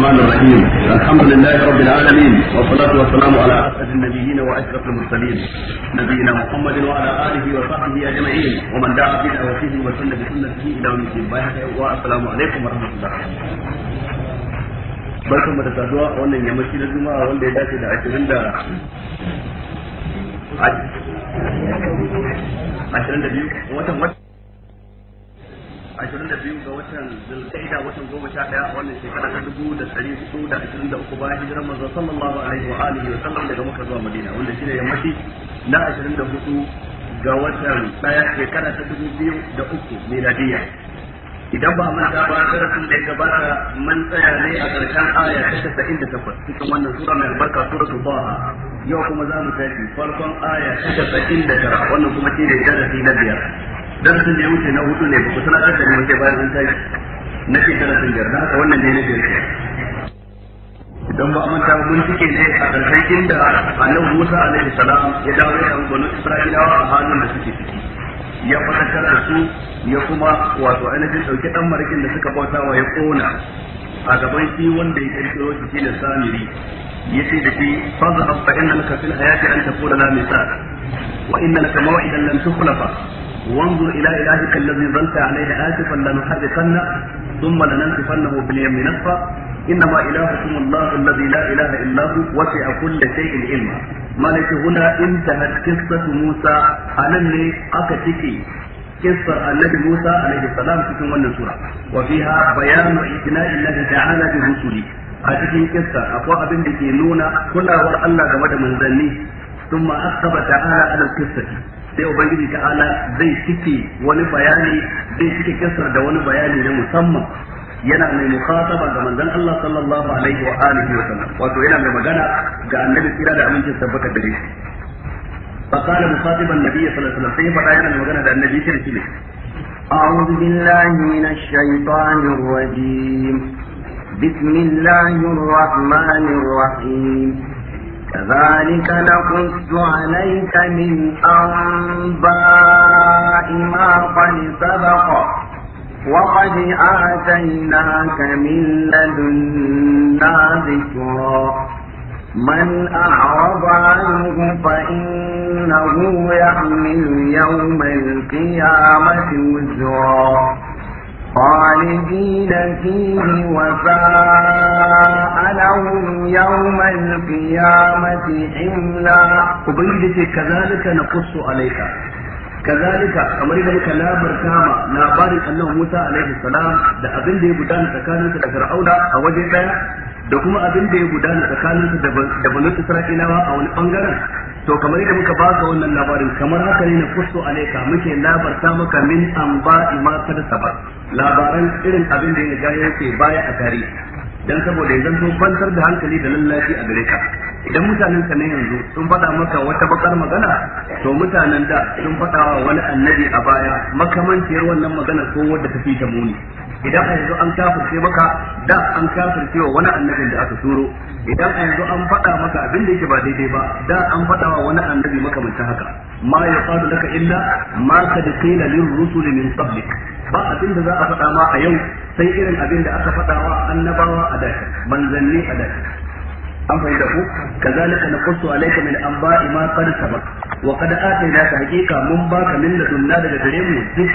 الرحمن الرحيم الحمد لله رب العالمين والصلاة والسلام على أسعد النبيين وأشرف المرسلين نبينا محمد وعلى آله وصحبه أجمعين ومن دعا بدعوته وسن بسنته إلى يوم الدين والسلام عليكم ورحمة الله barkan mu da saduwa a wannan yammaci na juma'a wanda ya dace da ashirin da ashirin da biyu watan watan ashirin da biyu ga watan zulkaida watan goma ɗaya a wannan shekara ta dubu da hudu da ashirin da uku bayan manzo sallallahu alaihi wa alihi wa sallam daga maka zuwa madina wanda shine yammaci na ashirin da hudu ga watan ɗaya shekara ta dubu biyu da uku idan ba mun ta ba darasin da ya gabata man tsaya ne a ƙarshen aya ta casa'in da takwas cikin wannan sura mai albarka suratul baha yau kuma za mu tafi farkon aya ta casa'in da tara wannan kuma shi ne darasi na biyar darasin da ya wuce na hudu ne ba ku sanar da mu sai bayan an tashi na ke darasin da haka wannan ne ne da idan ba manta mun cike ne a ƙarshen inda annabi Musa alaihi salam ya dawo da banu Isra'ilawa a halin da suke ciki ya fadakar da su ya kuma wato ainihin dauki dan marakin da suka bauta wa ya kona a gaban shi wanda ya kirkiro shi shine Samiri yace da shi fadhhab fa innaka fil hayati an taqula la misal wa innaka maw'idan lam tukhlafa وانظر إلى إلهك الذي ظلت عليه آسفا لنحرقنه ثم لننسفنه باليم نسفا إنما إلهكم الله الذي لا إله إلا هو وسع كل شيء علما ما لك هنا انتهت قصة موسى على أكتكي قصة النبي موسى عليه السلام في wannan sura وفيها بيان إثناء الله تعالى برسله a cikin kissa akwai abin da ke nuna kulawar Allah game da manzanni ثم أخبر تعالى على القصة sai ubangiji ta'ala zai cike wani bayani zai cike kasar da wani bayani na musamman yana mai mukhataba ga manzon Allah sallallahu alaihi wa alihi wa sallam wato yana mai magana ga annabi tsira da amincin sabbata gare shi fa qala mukhatiban nabiy sallallahu alaihi wa sallam sai fada yana magana da annabi kin shi أعوذ بالله من الشيطان الرجيم بسم الله الرحمن الرحيم كذلك نقص عليك من أنباء ما قد سبق وقد آتيناك من لدنا ذكرا من أعرض عنه فإنه يحمل يوم القيامة وزرا خالدين فيه وفاء لهم يوم القيامة حملا وبيجي كذلك نقص عليك كذلك كما ذلك لا بركامة لا بارك أنه موسى عليه السلام ده أبن دي بدان تكالي تكرعون أوجه da kuma abin da ya gudana tsakanin su da banu Isra'ilawa a wani bangaren to kamar yadda muka baka wannan labarin kamar haka ne na kusso alaika muke labarta maka min an ba ima kada sabar labaran irin abin da ya ga yake baya a tarihi dan saboda yanzu sun kwantar da hankali da lallafi a gare ka idan mutanen ka na yanzu sun faɗa maka wata bakar magana to mutanen da sun faɗa wa wani annabi a baya makamanciyar wannan magana ko wadda ta fi ta muni idan a yanzu an kafirce maka da an kafirce wa wani annabin da aka turo idan a zo an faɗa maka abin da yake ba daidai ba da an faɗa wa wani annabi makamancin haka ma ya faɗu daga illa ma ka da kaina lil rusul min qablik ba abin da za a faɗa ma a yau sai irin abin da aka faɗa wa annabawa a da manzanni a da an fahimta ku kazalika naqussu alayka min anba'i ma qad sabaq wa qad atainaka haqiqa mun baka min ladunna daga gare mu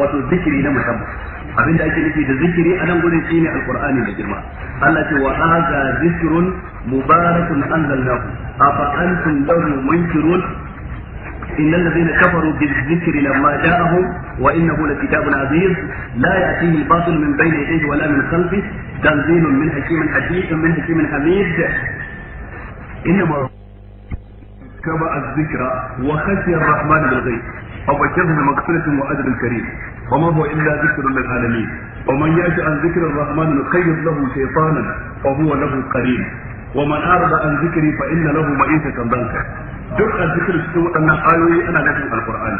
wato zikri na musamman abin da ake nufi da zikiri a nan gurin shine alqur'ani da girma Allah ce wa hadha zikrun mubarakun anzalnahu afa antum lahu munkirun إن الذين كفروا بالذكر لما جاءهم وإنه لكتاب عزيز لا يأتيه الباطل من بين يديه ولا من خلفه تنزيل من حكيم حكيم من حكيم حميد إنما كبأ الذكر وخشي الرحمن بالغيب فبشرهم مغفرة وأدب كريم وما هو إلا ذكر للعالمين ومن يأت عن ذكر الرحمن نقيض له شيطانا وهو له قريب ومن أعرض عن ذكري فإن له معيشة ضنكا duk azzikir cikin waɗannan ayoyi ana nufin alkur'ani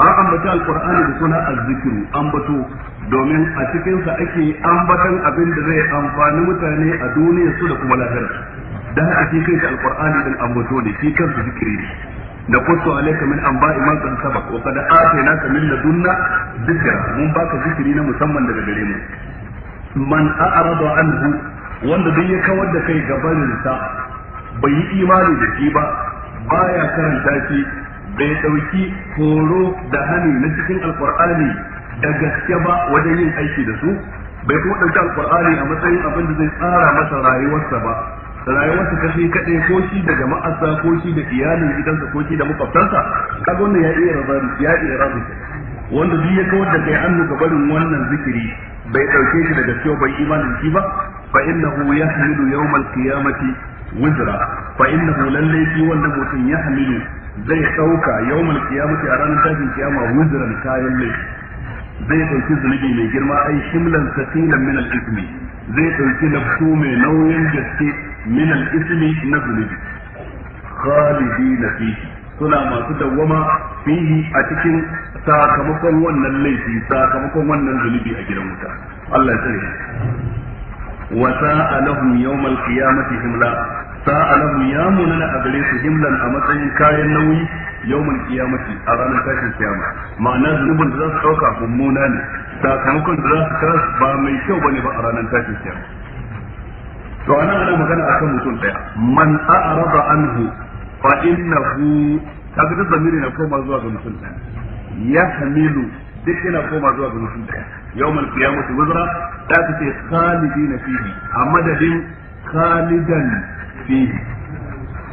an ambaci alkur'ani da suna azzikiru ambato domin a cikinsa ake ambatan abin da zai amfani mutane a duniyar su da kuma lahira dan haka alkur'ani din ambato ne shi zikiri نقص عليك من انباء ما قد سبق وقد ka من لدنا ذكرا mun baka ذكري na musamman daga gare mu man a'rada anhu wanda duk ya kawar da kai gabanin sa bai yi imani da shi ba baya karanta shi bai dauki horo da hani na cikin alqur'ani da gaske ba wajen yin aiki da su bai kuma dauki alqur'ani a matsayin abin da zai tsara masa rayuwarsa ba rayuwarsa ta shi kaɗai ko shi da jama'arsa ko shi da iyalin gidansa ko shi da makwabtansa kaga wannan ya iya rabari ya iya rabari wanda duk ya kawar da kai an ga barin wannan zikiri bai ɗauke shi daga gaskiya bai imanin shi ba fa innahu yahmilu yawmal qiyamati wizra fa innahu lallai shi wannan mutum yahmilu zai ɗauka yawmal qiyamati a ranar tashin kiyama wizran kayan laifi zai ɗauki zunubi mai girma ai shimlan sakilan min al-ismi zai ɗauki nafsu mai nauyin gaske min al na zunubi khalidina fihi suna masu dawwama fihi a cikin sakamakon wannan laifi sakamakon wannan zunubi a gidan wuta Allah ya tsare wa sa'a himla sa'a lahum ya munana a gare su himlan a matsayin kayan nauyi yawmal qiyamati a ranar tashin kiyama ma'ana zunubin za su mummuna ne sakamakon da za su ba mai kyau bane ba a ranar tashin to anan ana magana akan mutum daya man a'rada anhu fa innahu kaga duk zamiri na koma zuwa ga mutum daya yahmilu duk yana koma zuwa ga mutum daya yawmal qiyamati wuzra da take khalidina fihi a madadin khalidan fihi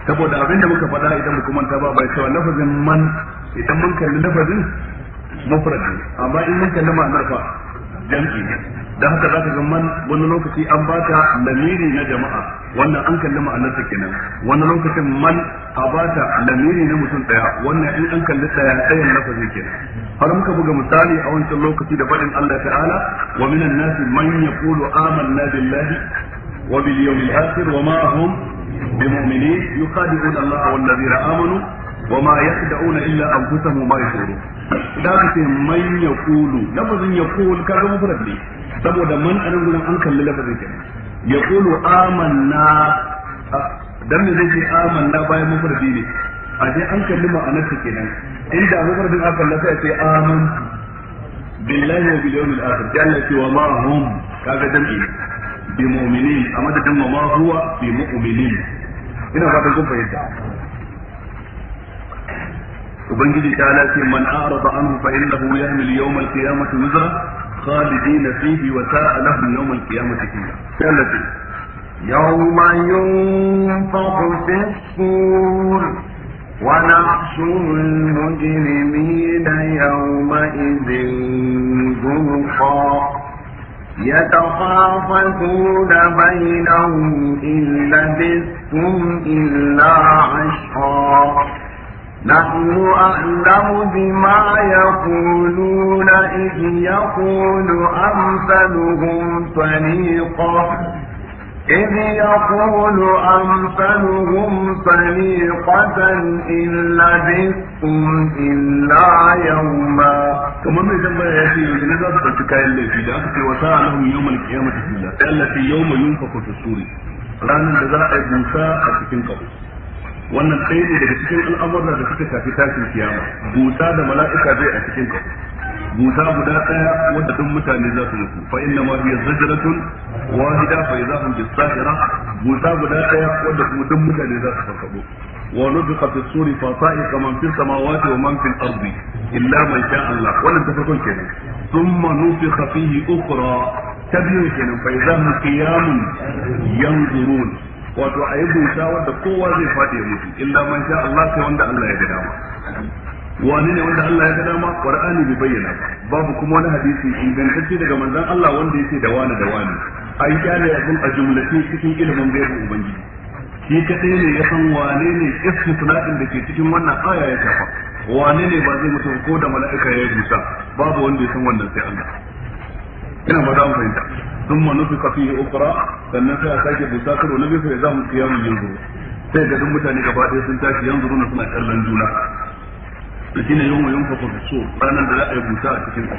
saboda abin da muka faɗa idan muka manta ba bai cewa lafazin man idan mun kalli lafazin mufrad amma in mun kalli ma'anar fa jam'i da haka za ka ga man wani lokaci an ta lamiri na jama'a wannan an kalli ta kenan wani lokacin man a ta lamiri na mutum daya wannan in an kalli daya tsayin lafazi kenan har muka buga misali a wancan lokaci da faɗin Allah ta'ala wa minan nasi man yaqulu amanna billahi wa bil yawmil akhir wa ma hum Allah wal amanu wa ma illa anfusahum ma yashurun da ka man yaqulu lafazin yaqul kaga mufrad ne saboda man anan gurin an kalli lafazin kenan yaqulu amanna dan me zai ce amanna bayan mafardi ne a dai an kalli ma'anar kenan inda mafardin aka kalla sai sai amantu billahi wa bil yawmil akhir jalla wa ma kaga jam'i bi mu'minin a madadin wa ma bi mu'minin ina fatan kun fahimta ubangiji ta lafi man arada anhu fa innahu yahmil yawmal qiyamati wizra خالدين فيه وساء لهم يوم القيامة كلا ثالثا يوم ينفخ في الصور ونحشر المجرمين يومئذ زرقا يتخافتون بينهم إن لبثتم إلا عشرا نحن أعلم بما يقولون إذ يقول أمثلهم طريقة إذ يقول أمثلهم طريقة إن لبثتم إلا يوما كما من ذنب يأتي يجب أن تتكى اللي في ذلك وسألهم يوم القيامة في الله التي يوم ينفق في السور ranar da za a yi busa a cikin kabus wannan ɗaya ne daga cikin al'amurra da suka shafi tashin kiyama busa da mala'ika zai a cikin kafu busa guda ɗaya wanda duk mutane za su mutu fa inna ma hiya zajratun wahida fa idahum bis-sahira busa guda ɗaya wanda duk mutane za su farfado wa nuzqa fi suri fa sa'iqa man fis samawati wa man fil ardi illa man sha Allah wannan ta farkon kenan thumma nufikha fihi ukhra ta biyu kenan fa idahum qiyamun yanzurun wato a yi bauta wanda kowa zai faɗi ya mutu illa man sha Allah sai wanda Allah ya ga dama wani ne wanda Allah ya ga dama Qur'ani bai bayyana babu kuma wani hadisi ingantacce daga manzon Allah wanda yake da wani da wani an ya abin a ce cikin ilimin gaibin ubangiji shi kadai ne ya san wane ne istisna'in da ke cikin wannan aya ya tafa wane ne ba zai mutu ko da mala'ika ya rusa babu wanda ya san wannan sai Allah ina ba za fahimta ثم نفق فيه أخرى sannan sai a sake busa karo na biyu sai za mu kiyamu yanzu sai ga duk mutane gaba ɗaya sun tashi yanzu na suna kallon juna da shine yawma yunfa fa so ranar da za a yi busa a cikin ku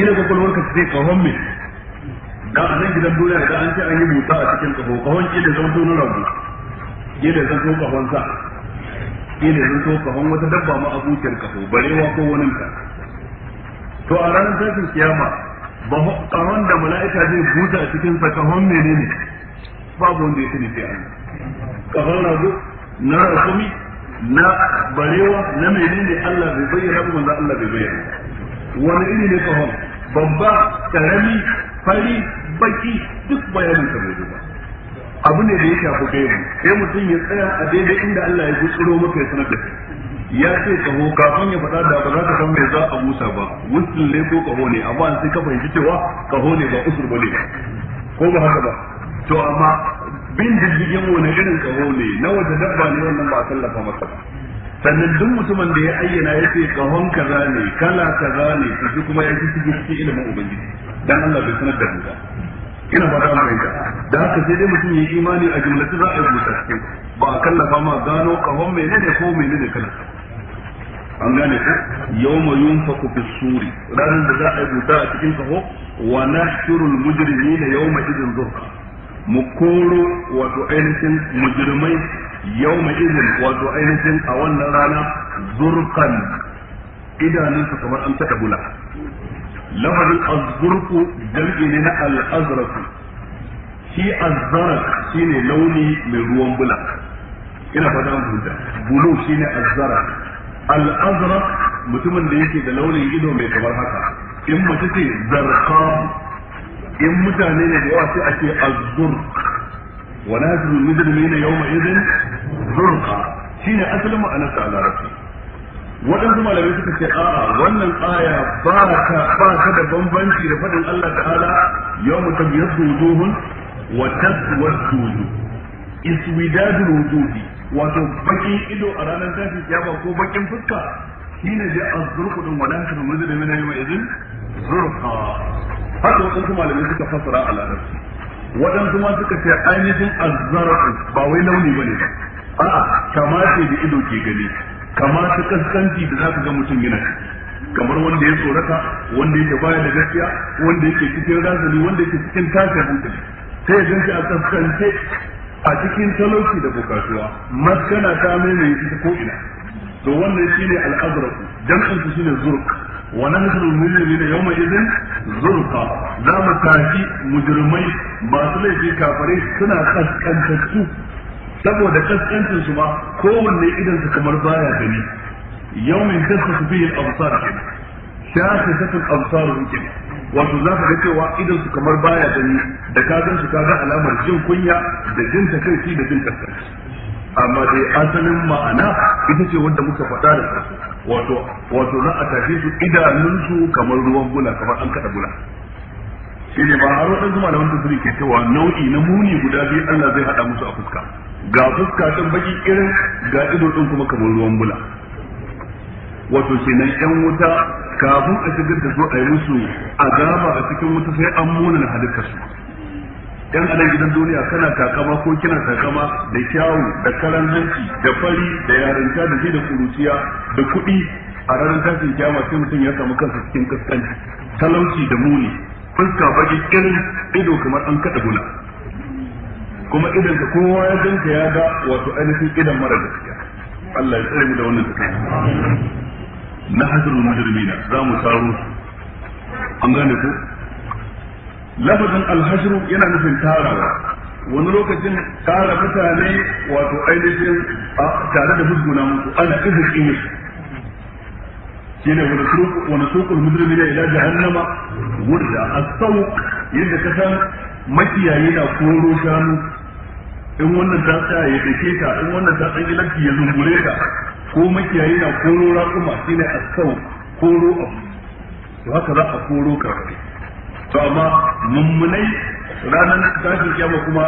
ina ga kulwar ka sai kahon me dan a nan gidan duniya idan an ce an yi busa a cikin kaho kahon ke da zanto da sa da wata dabba ma abuciyar kaho barewa ko wani to a ranar tashin kiyama ba kahon da mala'ika zai buta a cikin sa kahon menene babu wanda ya sani sai Allah kahon na rakumi na barewa na menene Allah bai bayyana ba manzo Allah bai bayyana wani iri ne kahon babba karami fari baki duk bayanin sa bai ba abu ne da ya shafi mu sai mutum ya tsaya a daidai inda Allah ya gutsuro maka ya sanar da ya ce kaho kafin ya faɗa da ba za ka san mai za a musa ba wusul ne ko kaho ne amma sai ka fahimci cewa kaho ne ba usul ba ne ko ba haka ba to amma bin diddigin wani irin kaho ne na wata dabba ne wannan ba a tallafa masa ba sannan duk mutumin da ya ayyana ya ce kahon kaza ne kala kaza ne su kuma ya ji su cikin ilimin ubangiji dan Allah bai sanar da mu ba ina ba ta mai da haka sai dai mutum ya yi imani a jumlatu za a yi rubuta cikin ba a kallafa ma gano kahon menene ko menene kala an gane ko yawma yunfaku fi suri ranar da za a yi buta a cikin kaho wa na nashurul yau ma izin zurqa mu koro wato ainihin yau ma izin wato ainihin a wannan rana zurqan idanunsa kamar an taɗa bula lafazin azurku jam'i ne na al'azraku shi azzarak shine launi mai ruwan bula ina fata an bulu shine azzarak al mutumin da yake da launin ido mai kamar haka in mace ce zarqa in mutane ne da yawa sai a ce wani zur wa nahdu al-mujrimina yawma idhin zurqa shine asalin ma'anar ta larabci waɗansu malamai suka ce a'a wannan aya ba ka ba da bambanci da faɗin Allah ta'ala yawma tabyaddu wujuhun wa taswaddu wujuhun iswidadul wujudi wato bakin ido a ranar ya ba ko bakin fuska shine da azruku din wadan kan muzul mai yawma idin zurqa haka wasu malamai suka fasara a larabci waɗansu ma suka ce ainihin azzaraku ba wai launi bane ba a'a kama ce da ido ke gani kama ta kaskanci da zaka ga mutum yana kamar wanda ya tsorata wanda yake baya da gaskiya wanda yake cikin razali wanda yake cikin tashin hankali sai ya ganci a kaskance a cikin talauci da bukatuwa maskana ta mene ita ko ina to wannan shine al-azraq jam'in su shine zurq wa nahnu al-mujrimina yawma idhin zurqa za mu tafi mujrimai masu laifi kafare suna kaskantattu saboda kaskancin su ma kowanne idan su kamar baya gani yawmin kasu fihi al-absar shafi kasu al-absar kenan wato za ka ga cewa idan su kamar baya gani da ka gan su ka ga alamar jin kunya da jin takaici da jin kaskanci amma dai asalin ma'ana ita ce wanda muka faɗa da kasu wato wato za a tafi su idanunsu kamar ruwan bula kamar an kaɗa bula shi ne ba zuma da wanda tafsiri ke cewa nau'i na muni guda biyu Allah zai haɗa musu a fuska ga fuska ɗin baki irin ga ido ɗin kuma kamar ruwan bula wato kenan yan wuta kafin a shigar da su a yi musu azaba a cikin wuta sai an na halittar su yan anan gidan duniya kana takama ko kina takama da kyawu da karan hanci da fari da yarinta da shi da kuruciya da kuɗi a ranar tashin kyama sai mutum ya samu kansa cikin kaskan talauci da muni fuska baki kirin ido kamar an kada guna kuma idan ka kowa ya danka ya ga wato ainihin idan mara gaskiya Allah ya tsare mu da wannan tsakanin na hajjul mujrimina za mu taro an gane ku lafazin alhashru yana nufin tarawa wani lokacin tara mutane wato ainihin tare da musguna musu ana izin musu wani ne wani sukul mujrimi ne ila jahannama wurda as-sawq yadda ka san makiyayi na koro shanu in wannan ta tsaya ya dake ta in wannan ta tsangi lafi ya zungure ta ko makiyayi na koro raƙuma shi ne a asau koro abu to haka za a koro karfe to amma mummunai ranar tashin kiyama kuma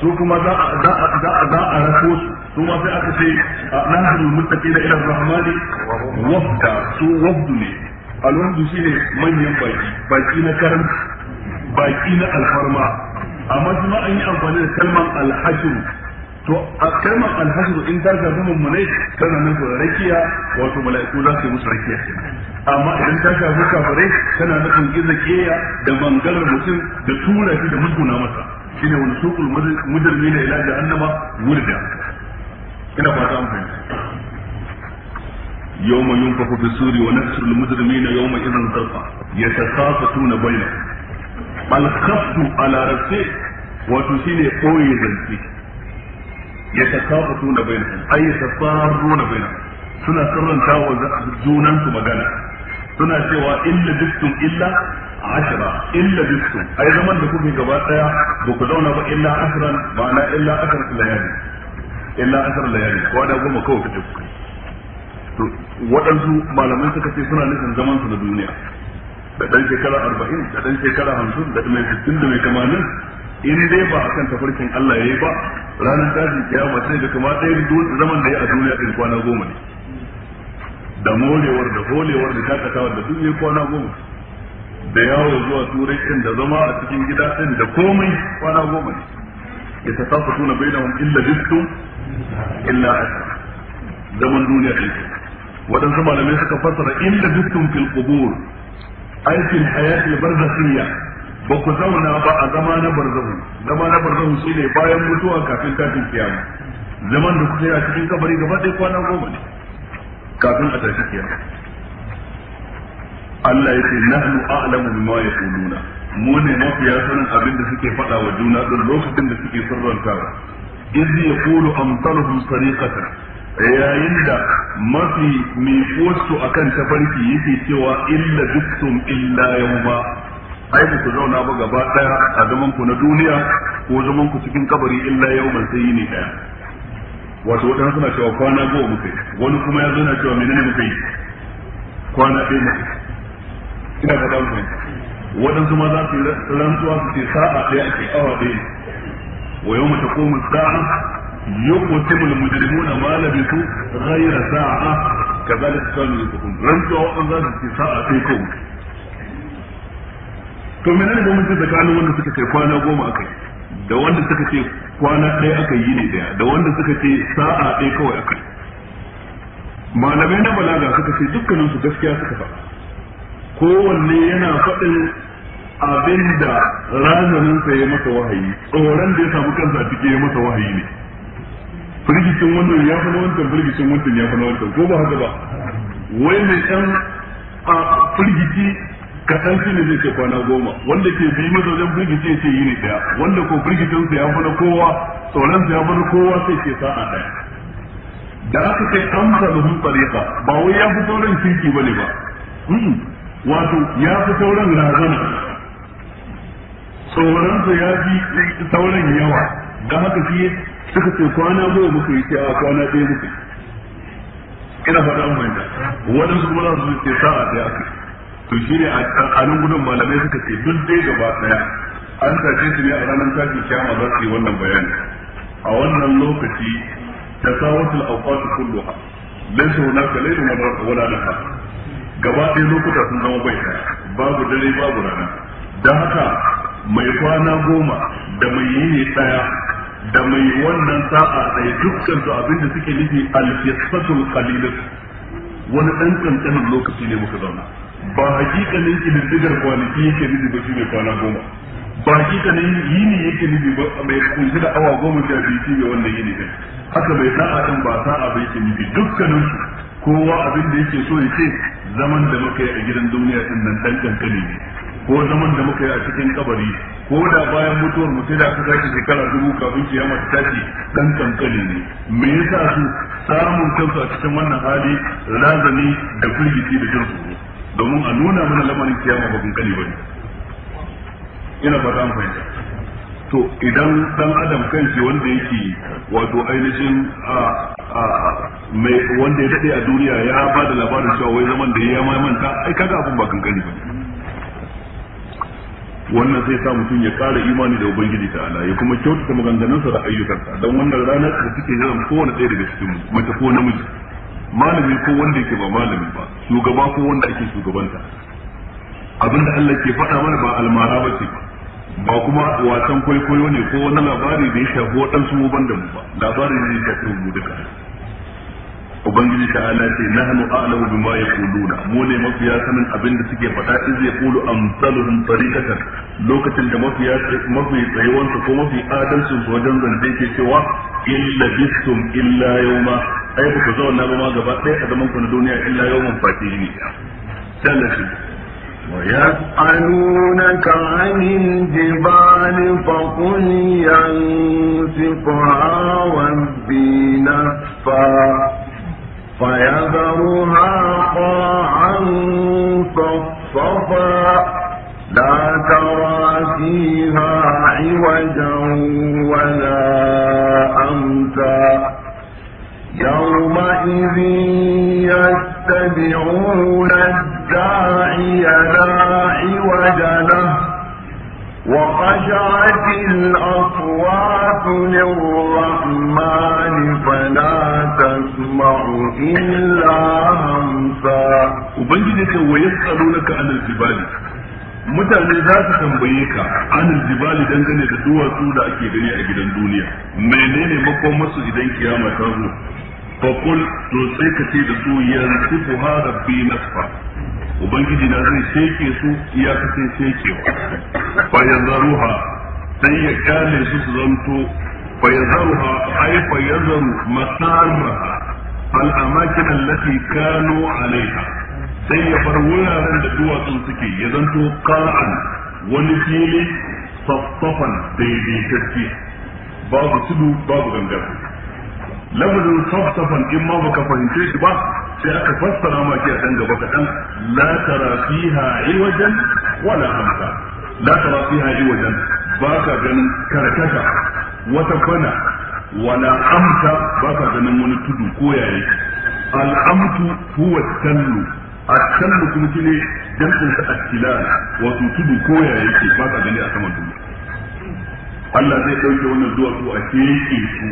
su kuma za a za a rako su su ma sai aka ce a nahru muttaqina ila rahmani wafda su wafdu ne alwafdu ne manyan baki baki na karanci baki na alfarma amma kuma an yi amfani da kalmar alhashru to a kalmar alhasru in ta shafi mummunai tana nan nufin rakiya wato mala'iku za su yi musu rakiya amma idan ta shafi kafirai tana nufin gizo keya da mangalar mutum da tura shi da musguna masa shine wani sukul mujrimi ne ila jahannama wurda ina fata an fahimta suri يوم ينفخ في السور ونحشر المجرمين يومئذ زرقا يتخافتون بينهم الخفض على رأسه وتشيل قوي ذنبه yatasaqutuna bainahum ay yatasarruna bainahum suna sirranta wa junan su magana suna cewa illa bistum illa ashra illa bistum ai zaman da kuke gaba daya ba ku zauna ba illa ashran ma'ana illa ashar layali illa ashar waɗansu malamai suka ce suna nufin zaman su na duniya da ɗan shekara arba'in da ɗan shekara hamsin da mai sittin da mai kamanin. in dai ba akan tafarkin Allah yayi ba ranar tashin kiyama sai da kuma ɗayan zaman da ya a duniya ɗin kwana goma ne da molewar da holewar da shakatawa da duk yayi kwana goma da yawo zuwa turai ɗin da zama a cikin gida ɗin da komai kwana goma ne ya ta safa tuna bai da illa bistu illa ashara zaman duniya ɗin waɗansu malamai suka fassara illa bistun fil qubur aikin hayatul barzakhiyya ba ku zauna ba a zama na barzahu zama na barzahu shine bayan mutuwa kafin tashin kiyama zaman da kuka yi a cikin kabari gaba ɗaya kwana goma ne kafin a tashi kiyama Allah ya ce nahnu a'lamu bima yaquluna mu ne ya sanin abin da suke faɗa wa juna ɗin lokacin da suke sirrantawa a yaqulu amsaluhum sariqatan yayin da mafi mai kosto akan tafarki yake cewa illa duktum illa yawma ai ku zauna ba gaba daya a zaman ku na duniya ko zaman ku cikin kabari illa sai daya wato suna cewa kwana goma wani kuma ya zo cewa menene yi kwana ɗaya ina ga dan kai wadansu ma za su rantsuwa su ce sa'a ɗaya ake awa ɗaya wa sa'a to menene bambanci tsakanin wanda suka kai kwana goma akai da wanda suka ce kwana ɗaya aka yi ne daya da wanda suka ce sa'a ɗaya kawai akai malamai na balaga suka ce dukkanin su gaskiya suka faɗa kowanne yana faɗin abin da razanin sa ya masa wahayi tsoron da ya samu kansa a cikin ya masa wahayi ne firgicin wannan ya fi na wancan firgicin wancan ya fi na wancan ko ba haka ba wai mai ɗan a firgici kaɗan shi ne zai ce kwana goma wanda ke bi masa wajen birgice ce yi ne ɗaya wanda ko birgicin ya fana kowa sauran ya fana kowa sai ke sa'a ɗaya da aka kai an saluhun tsariƙa ba wai ya fi sauran kirki ba ne ba hmm. wato ya fi sauran razana sauran sa ya fi sauran yawa da haka shi suka ce kwana goma muka yi cewa kwana ɗaya muka ina faɗa mai da waɗansu kuma za su ce sa'a ɗaya aka to ne a nan gudun malamai suka ce duk dai gaba daya an sace su ne a ranar tashi kiyama za su yi wannan bayani a wannan lokaci tasawatul awqat kulluha laysa hunaka laylun wala nahar gaba ɗaya lokuta sun zama bai babu dare babu rana dan haka mai kwana goma da mai yini daya da mai wannan sa'a ɗaya dukkan su abinda suke nufi al-qisatul wani ɗan kankanin lokaci ne muka zauna ba hakikanin kididdigar kwanaki yake nufi ba shi mai kwana goma ba hakikanin yini yake nufi ba mai kunshi da awa goma sha biyu shi ne yi yini din haka bai sa'a ɗin ba sa'a bai ke nufi dukkanin kowa abin da yake so ya ce zaman da muka yi a gidan duniya din nan dan kankani ne ko zaman da muka yi a cikin kabari ko da bayan mutuwar sai da aka sake shekara dubu kafin ki ta tashi dan kankani ne me yasa su samun kansu a cikin wannan hali razani da firgici da jin domin a nuna mana lamarin kiyama ba kun kani bane ina ba ta fahimta to idan dan adam kanshi wanda yake wato ainihin a mai wanda ya dade a duniya ya ba da labarin cewa wai zaman da ya ma manta ai kaga abun ba kankani bane wannan sai sa mutum ya kara imani da ubangiji ta ala ya kuma kyautata maganganunsa da ayyukansa don wannan ranar da suke zama kowane ɗaya daga cikin mace ko namiji malami ko wanda yake ba malami ba shugaba ko wanda ake shugabanta abinda Allah ke faɗa mana ba almara ba ce ba kuma wasan kwaikwayo ne ko wani labari da ya shafi waɗansu mu ban da mu ba labari ne ya shafi mu duka ubangiji ta ala ce nahnu a'lamu bima yaquluna mu ne mafiya sanin abin da suke faɗa iz yaqulu amsaluhum tariqatan lokacin da mafiya mafi tsayuwansa ko mafi adalcin su wajen zance ke cewa illa bisum illa yawma ai ku zo na ba ma gaba ɗaya a zaman ku na duniya illa yawman fatihi ne ويسألونك عن الجبال فقل ينسفها ربي نسفا فيذرها قاعا صفصفا لا ترى فيها عوجا ولا أمتا يومئذ يتبعون الداعي لا عوج له وخشعت الأصوات للرحمن فلا تسمع إلا همسا وبنجدك ويسألونك عن الجبال mutane za su tambaye ka an jibali dangane da duwatsu da ake gani a gidan duniya menene masu idan kiyama ta zo kul to sai ka ce da su yanzu ku ha rabbi nasfa ubangiji na zai sheke su ya kace sheke fa yanzaruha sai ya kale su su zanto fa yanzaruha ai fa yanzaru masarha al amakin allati kanu alaiha sai ya bar wuraren da duwatsun suke ya zanto qa'an wani fili saffafan daidaitacce babu tudu babu gangar lafazin saffafan in ma baka fahimce shi ba sai aka fassara ma ki dan gaba kaɗan la tara fiha iwajan wala hamsa la tara fiha iwajan ba ka ganin karkata wata kwana wala amsa ba ka ganin wani tudu ko yayi al'amtu huwa tallu at-tallu kuma shine jam'in sa at-tilal wato tudu koya yake ba ka gani a saman duniya Allah zai dauke wannan zuwa duwatsu a keke su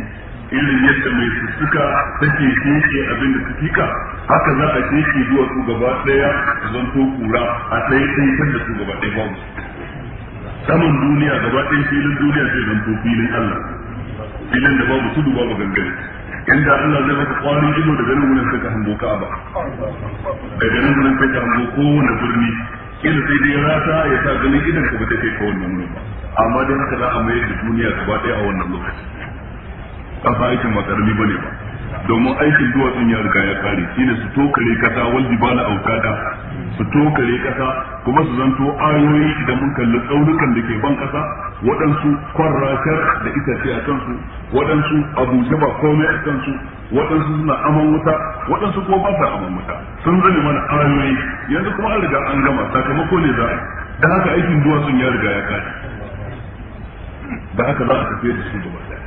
irin yadda mai sussuka take keke abin da ta haka za a keke su gaba daya zan to kura a sai sai da su gaba daya babu saman duniya gaba ɗaya filin duniya sai zan to filin Allah filin da babu tudu babu gangare inda Allah zai maka kwari ido da ganin wurin hango ka ba A daga nan wurin fita hango ko wanda birni kila sai dai rata ya sa ganin idan ka bata kai ka wannan wurin amma dai haka za a mayar da duniya gaba daya a wannan lokaci fa aikin ba ne bane ba domin aikin duwatsun ya riga ya kare shine su tokare kasa ba na aukada su tokare kasa kuma su zanto ayoyi idan mun kalli tsaunukan da ke ban kasa waɗansu kwarrakar da itace a kansu waɗansu abu jaba komai a kansu waɗansu suna aman wuta waɗansu kuma ba sa aman wuta sun zane mana ayoyi yanzu kuma an riga an gama sakamako ne za da haka aikin sun ya riga ya kare da haka za a tafi da su gaba ɗaya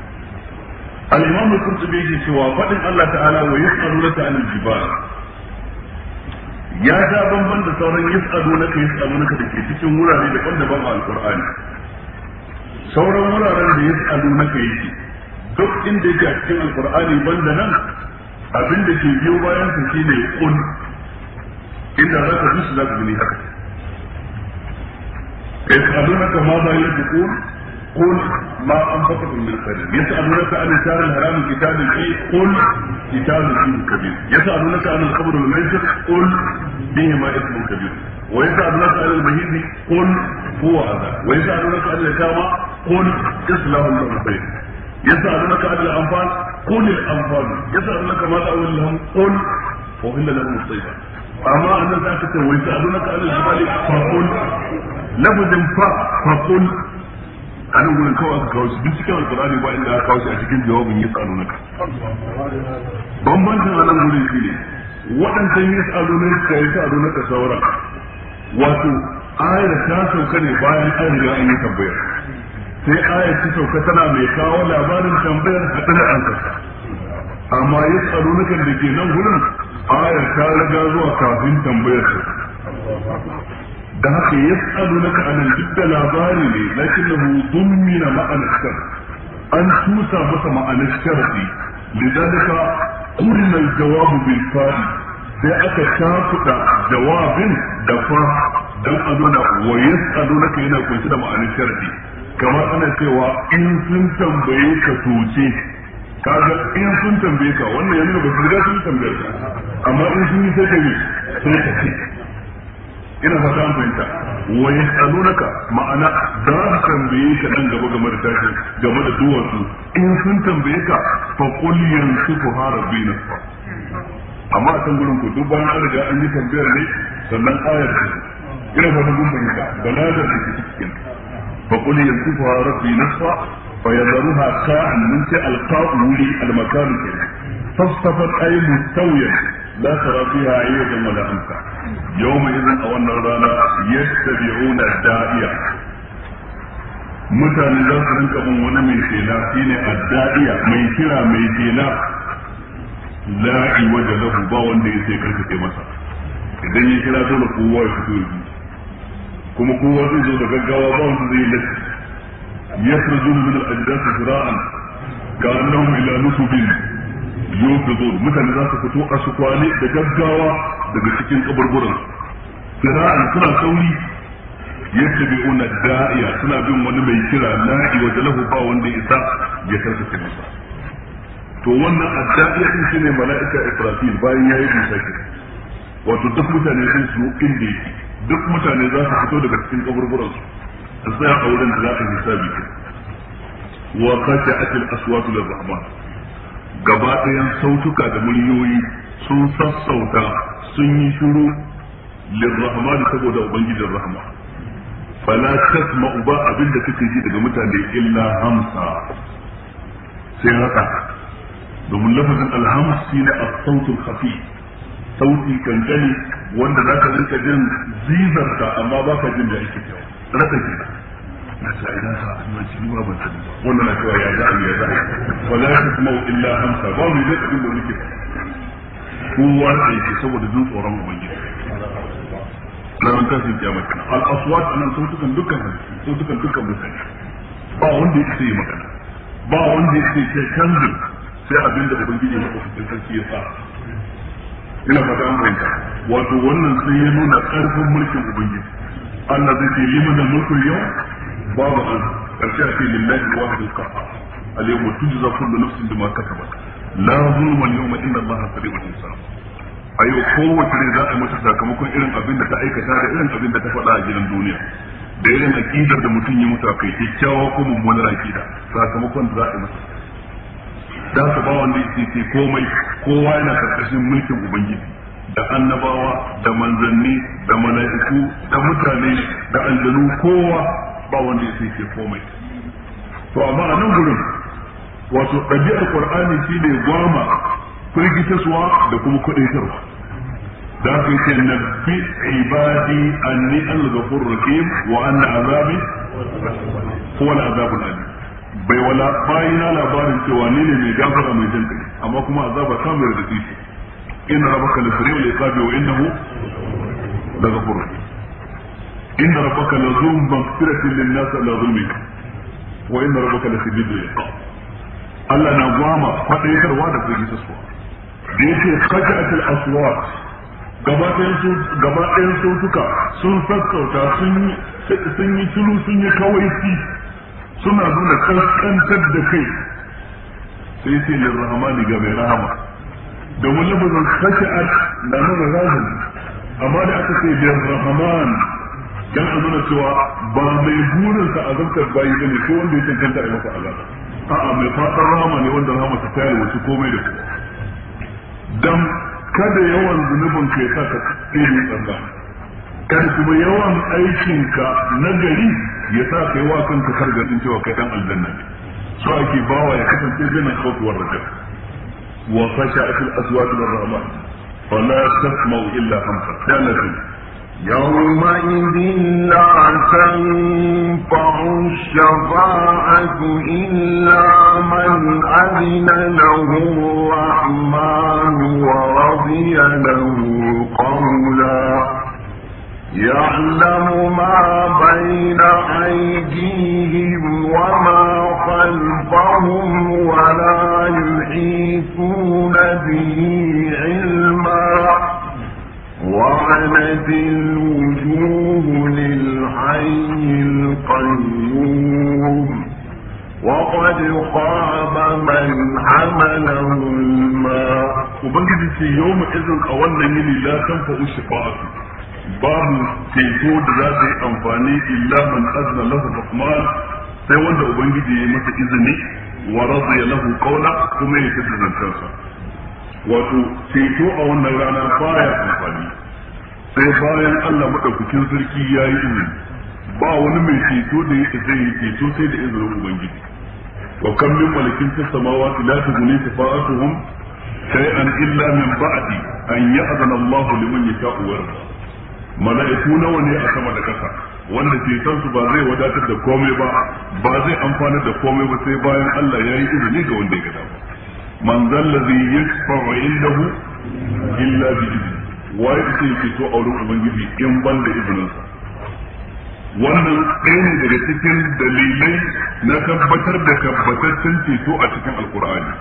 al-imam al-qurtubi yake cewa faɗin Allah ta'ala wa yas'alunaka 'anil jibal ya ta banban da sauran yas'alunaka yas'alunaka da ke cikin wurare daban-daban a al-qur'ani sauran wuraren da yas'alunaka yake duk inda yake a cikin alqur'ani banda nan abin da ke biyo bayan su shine kun inda za ka su za ka gani haka yas'alunaka ma za yunfiqun قل ما أنفقتم من خير يسألونك عن الشهر الحرام كتاب فيه قل كتاب فيه كبير يسألونك عن الخمر والميسر قل بهما اسم كبير ويسألونك عن المهيد قل هو هذا ويسألونك عن اليتامى قل إصلاح لهم خير يسألونك عن الأنفال قل الأنفال يسألونك ماذا أول لهم قل وهل لهم الصيحة أما أن ذاك ويسألونك عن الأنفال فقل لفظ فقل a nan wurin kawai aka kawo shi duk cikin alkurani ba inda aka kawo shi a cikin jawabin ya tsaro naka bambancin a nan wurin shi ne waɗancan ya tsaro ne ka yi tsaro naka sauran wato ayar ta sauka ne bayan an riga an yi tambayar sai ayar ta sauka tana mai kawo labarin tambayar haɗe da an kasa amma ya tsaro da ke nan gurin ayar ta riga zuwa kafin tambayar ta da haka ya tsaro a nan duk da labari ne lakin da hudummi na ma'anar an tusa masa ma'anar sharfi lidalika kurina jawabu bin fadi sai aka shafuɗa jawabin da fa dan a nuna wa yas'aluna ka yana kunshi da ma'anar sharadi kamar ana cewa in sun tambaye ka soce kaga in sun tambaye ka wannan yana ba su riga sun tambaye ka amma in sun yi sai ka yi sai ka ce ina fata an fahimta wa ka ma'ana za su tambaye ka nan gaba game da tashi game da duwatsu in sun tambaye ka fa qul yansifuha rabbina amma a kan gurin kudu bayan an riga an yi tambayar ne sannan ayar ta ina ba mun bayyana balagar da ke cikin fa qul yansuha rabbi nasfa fa yadruha ka'an min ta alqa'uli almakan fastafat ay mustawiyan la tara fiha ayyatan wala amsa yawma idhin a wannan rana yattabi'una da'iya mutane za su rinka bin wani mai shela shine adda'iya mai kira mai shela la wajen lahu ba wanda ya sai karkace masa idan ya kira dole kowa ya fito yi kuma kowa zai zo da gaggawa ba wanda zai lati yasrujun min al-ajdas zira'an bin yau nusubin yufidun mutane za su fito a su kwane da gaggawa daga cikin kaburburan zira'an suna sauri bai una da'iya suna bin wani mai kira la'i wajen lafi ba wanda ya sa ya karkace masa to wannan adda'iya din shine mala'ika Israfil bayan yayi bisaki wato duk mutane sun su inda yake duk mutane za su fito daga cikin kaburburan su a tsaya a wurin da za a hisabi wa khashi'at al-aswat lir-rahman gaba ɗayan sautuka da muryoyi sun sassauta sun yi shiru lirrahman saboda ubangijin rahma fala tasma'u ba abinda kake ji daga mutane illa hamsa sai haka domin lafazin alhamd shi ne a sautin hafi sauti kankani wanda za ka rinka jin zizarta amma ba ka jin da yake kyau rasa kenan na ta ina sa almanci ni ba ban sani ba wannan na cewa ya za a ya za a wala ya kuma illa hamsa ba mu da abin da muke ba kowa da yake saboda jin tsoron ubangiji ranar tashin kiyama kenan al-aswat anan sautukan dukkan halittu sautukan dukkan mutane ba wanda ya ce magana ba wanda ya ce canzin sai abin da ubangiji na ofishin sarki ya sa ina fata an fahimta wato wannan sai ya nuna karfin mulkin ubangiji Allah zai ce liman da mulkul yau babu an karshe a ce lillahi wahidul qahhar al yawma tujza kullu nafsin bima kasabat la zulma yawma inna Allaha sari'ul hisab a yau kowace ne za a mata sakamakon irin abin da ta aikata da irin abin da ta faɗa a gidan duniya da irin aƙidar da mutum ya mutu a kai kyakkyawa ko mummunar aƙida sakamakon da za a yi masa Za su ba wanda yake ce komai kowa yana karkashin mulkin ubangiji da annabawa da manzanni da mala'iku da mutane da aljanu kowa ba wanda yake ce komai to amma a nan gurin wato ɗabi'ar qur'ani ne gwama firgitaswa da kuma kuɗaitarwa da yi na bi ibadi anni al rahim wa anna azabi huwa al alim bai wala na labarin cewa ne ne mai gafara mai jin kai amma kuma azaba ta mai rubuci shi inna rabbaka la li qabi wa innahu la ghafur inna rabbaka la zum maghfiratin lin nas la zulmik wa inna rabbaka la shadidul iqab Allah na gwama karwa da firgita suwa da yake al aswat gaba ɗayan sautuka sun sassauta sun yi tulu sun yi kawaici suna nuna kaskantar da kai sai ce rahama rahmani ga mai rahama domin lafazin khashi'at na nuna rahama amma da aka ce lil rahman dan a cewa ba mai burinsa azabtar bayi bane ko wanda ya kanta a masa azaba a'a mai fatan rahama ne wanda rahama ta tayar wasu komai da komai dan kada yawan zunubin ka ya sa ka tsere tsanda kada kuma yawan aikinka na gari ya sa kai wa kanka gargadin cewa kai dan aljanna ne so ake bawa ya kasance zai mai kautuwar rajab wa khashi'at al-aswat lir-rahman fala tasma'u illa hamsa dalaka يومئذ لا تنفع الشفاعة إلا من أذن له الرحمن ورضي له قولا يعلم ما بين أيديهم وما خلفهم ولا يحيطون به علما وعنت الوجوه للحي القيوم وقد خاب من حمله الماء وبنجد في يوم إذن أولا يلي لا تنفع الشفاعة babu ceto da za ta yi amfani illa man azna lahu rahman sai wanda ubangiji ya masa izini wa radiya lahu qawla kuma ya tada zantarsa wato ceto a wannan rana baya amfani sai bayan Allah madaukakin sarki ya yi izini ba wani mai ceto da ya zai yi ceto sai da izinin ubangiji wa kam min malakin fis samawati la tughni shafa'atuhum shay'an illa min ba'di an ya'zana Allahu liman yasha'u wa yarda mala'iku nawa ne a sama da kasa wanda san su ba zai wadatar da komai ba ba zai amfana da komai ba sai bayan Allah ya yi izini ga wanda ya gada man zallazi yashfa'u indahu illa bi izni waye ce yake to auren ubangiji in ban da izinin sa wannan ɗaya ne daga cikin dalilai na tabbatar da tabbataccen ceto a cikin alkur'ani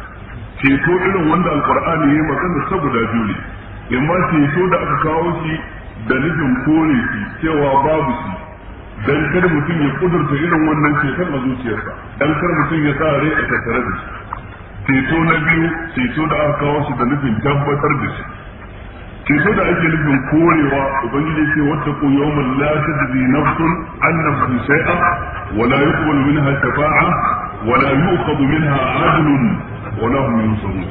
ceto irin wanda alkur'ani ya yi magana saboda biyu ne in ma ceto da aka kawo shi da nufin kore shi cewa babu shi dan kar mutum ya kudurta irin wannan ceton a zuciyarsa dan kar mutum ya sa rai a tattare da shi ceto na biyu ceto da aka kawo shi da nufin tabbatar da shi ceto da ake nufin korewa ubangiji ce wata ku yawman la tajzi nafsun annan, nafsin shay'a wa la yuqbal minha shafa'a wa la yu'khadhu minha 'adlun wa la hum yunsarun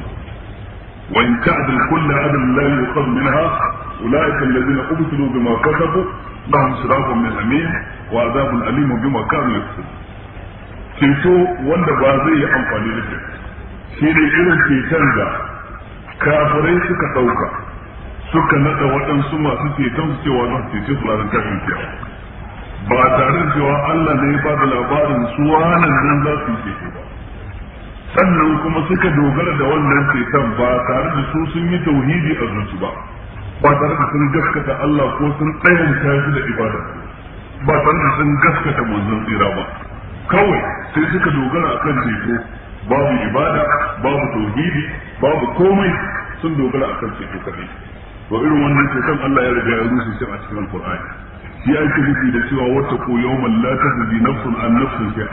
wa in ta'dil kullu 'adlin la yu'khadhu minha أولئك الذين أبسلوا بما كسبوا لهم شراب من حميم وعذاب أليم بما كانوا يكسبون ceto wanda ba zai yi amfani da shi shi ne irin ceton da kafirai suka ɗauka suka naɗa waɗansu masu ceton su cewa za su cece su ranar tashin kiyama ba tare da cewa Allah ne ya ba da labarin su wannan nan za su yi ceto ba sannan kuma suka dogara da wannan ceton ba tare da su sun yi tauhidi a zuci ba ba tare sun gaskata Allah ko sun ɗayanta shi da ibada ba tare da sun gaskata manzon tsira ba kawai sai suka dogara a kan ceto babu ibada babu tauhidi babu komai sun dogara a kan ceto kadai to irin wannan ceton Allah ya riga ya rushe shi a cikin Al-Qur'ani shi ake nufi da cewa wata ko yawman la tajzi nafsun an nafsin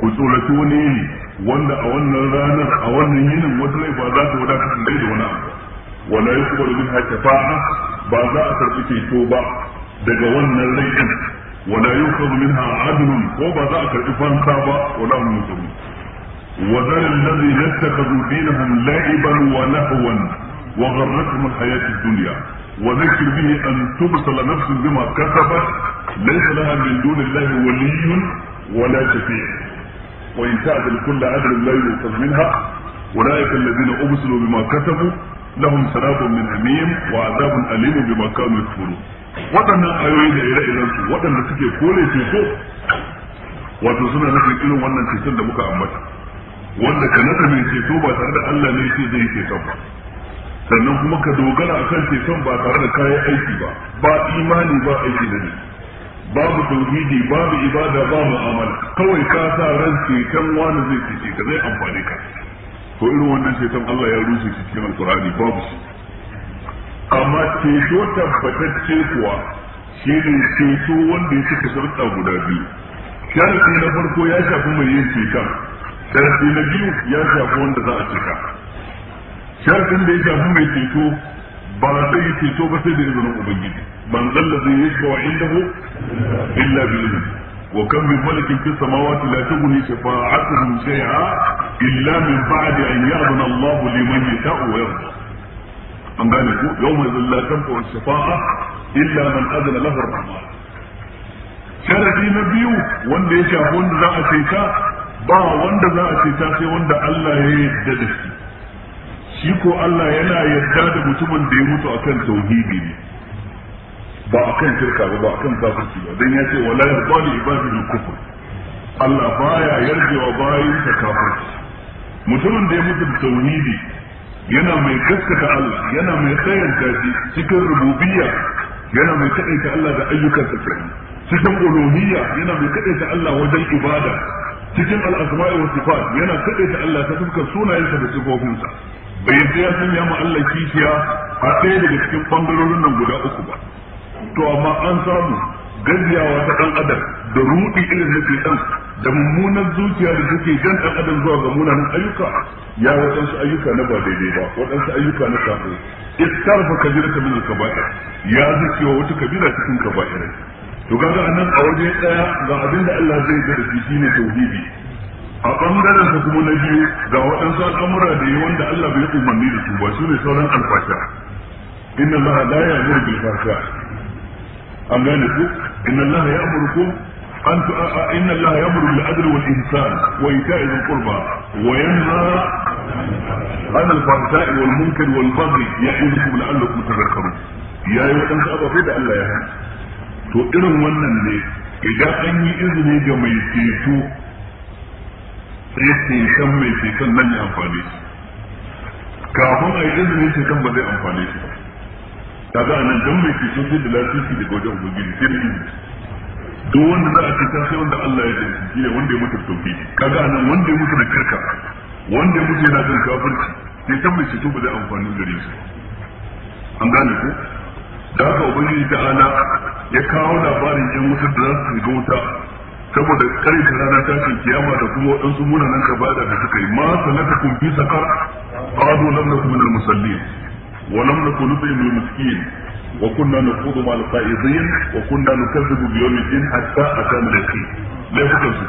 ku tsoraci wani ne wanda a wannan ranar a wannan yinin wata rai ba za ta wadata da wani abu ولا يقبل منها شفاعة بعد أثر في توبة دقونا الليل ولا يؤخذ منها عدل وبعد أثر إفان صابة ولا هم وذل الذين اتخذوا دينهم لعبا ولهوا وغرتهم الحياة الدنيا وذكر به أن تبصل نفس بما كسبت ليس لها من دون الله ولي ولا شفيع وإن تعدل كل عدل لا يؤخذ منها أولئك الذين أبصروا بما كسبوا lahum sharabun min hamim wa azabun alimun bima kanu yakfurun waɗannan ayoyi da ire-iren su waɗanda suke kore ceto wato suna nufin irin wannan cikin da muka ambata wanda ka nasa mai ceto ba tare da Allah ne ce zai ceton ba sannan kuma ka dogara akan ceton ba tare da kayan aiki ba ba imani ba aiki da ne babu tauhidi babu ibada ba mu'amala kawai ka sa ran ceton wani zai cece ka zai amfani ka to irin wannan ceton Allah ya rushe shi cikin alkur'ani babu shi amma ceto tabbatacce kuwa shi ne ceto wanda ya cika sharuɗa guda biyu sharaɗi na farko ya shafi mai yin ceton sharaɗi na biyu ya shafi wanda za a cika sharaɗin da ya shafi mai ceto ba zai yi ceto ba sai da izinin ubangiji ban zalla zai yi shawa ku illa bi wa kan min malakin fis samawati la tughni shafa'atuhum shay'a illa min ba'di an ya'zana Allahu liman yasha'u wa yarda an gane ku yawma idhil la shafa'a illa man adana lahu ar-rahman na biyu wanda ya shafi wanda za a ceta ba wanda za a ceta sai wanda Allah ya yarda da shi shi ko Allah yana yarda da mutumin da ya mutu akan ne ba akan shirka ba ba akan kafirci ba dan ya ce wala yarda li ibadihi kufr Allah baya wa bayin ta kafirci mutumin da ya mutu da tauhidi yana mai gaskata Allah yana mai tsayanta shi cikin rububiyya yana mai kadaita Allah da ayyukan sa cikin ulumiyya yana mai kadaita Allah wajen ibada cikin al'asma'i asmai wa sifat yana kadaita Allah ta dukkan sunayensa da sifofinsa bai yadda ya sanya ma Allah kishiya a ɗaya daga cikin bangarorin nan guda uku ba to amma an samu gajiyawa ta ɗan adam da ruɗi irin na ɗan. da mummunan zuciya da suke jan dan adam zuwa ga munanan ayyuka ya waɗansu ayyuka na ba daidai ba waɗansu ayyuka na sako istarfa kabirata min kaba'ir ya wa wata kabira cikin kaba'ir to kaga anan a waje daya ga abin da Allah zai yi ga shi shine tauhidi a bangaren ta kuma na biyu ga waɗansu al'amura da yi wanda Allah bai umarni da su ba su ne sauran alfasha inna Allah la ya'muru bil fahsha an gane ku inna Allah ya'murukum أن إن الله يأمر بالعدل والإحسان وإيتاء ذي القربى وينهى عن الفحشاء والمنكر والبغي يعظكم لعلكم تذكرون يا أيها الناس أبغى في الله يا to irin wannan ne idan an yi izini ga mai ceto sai ceton mai ceton nan ya amfane shi kafin a yi izini ceton ba zai amfane shi ba kaga mai da lafiya daga wajen duk wanda za a ce ta sai wanda Allah ya dace shi ne wanda ya mutu sauki kaga nan wanda ya mutu da kirka wanda ya mutu yana kan kafirci sai tabbai shi ceto ba zai amfani gare shi an gane ko da haka ubangiji ta ala ya kawo labarin yan wutar da za su shiga wuta saboda karin rana tashin kiyama da kuma waɗansu munanan bada da suka yi ma sanata kun fi sakar ba lam nakum min al musalli wa lam kuma nut'imu al-miskin وكنا نخوض مع القائضين وكنا نكذب بيوم الدين حتى أتانا اليقين لا يكذب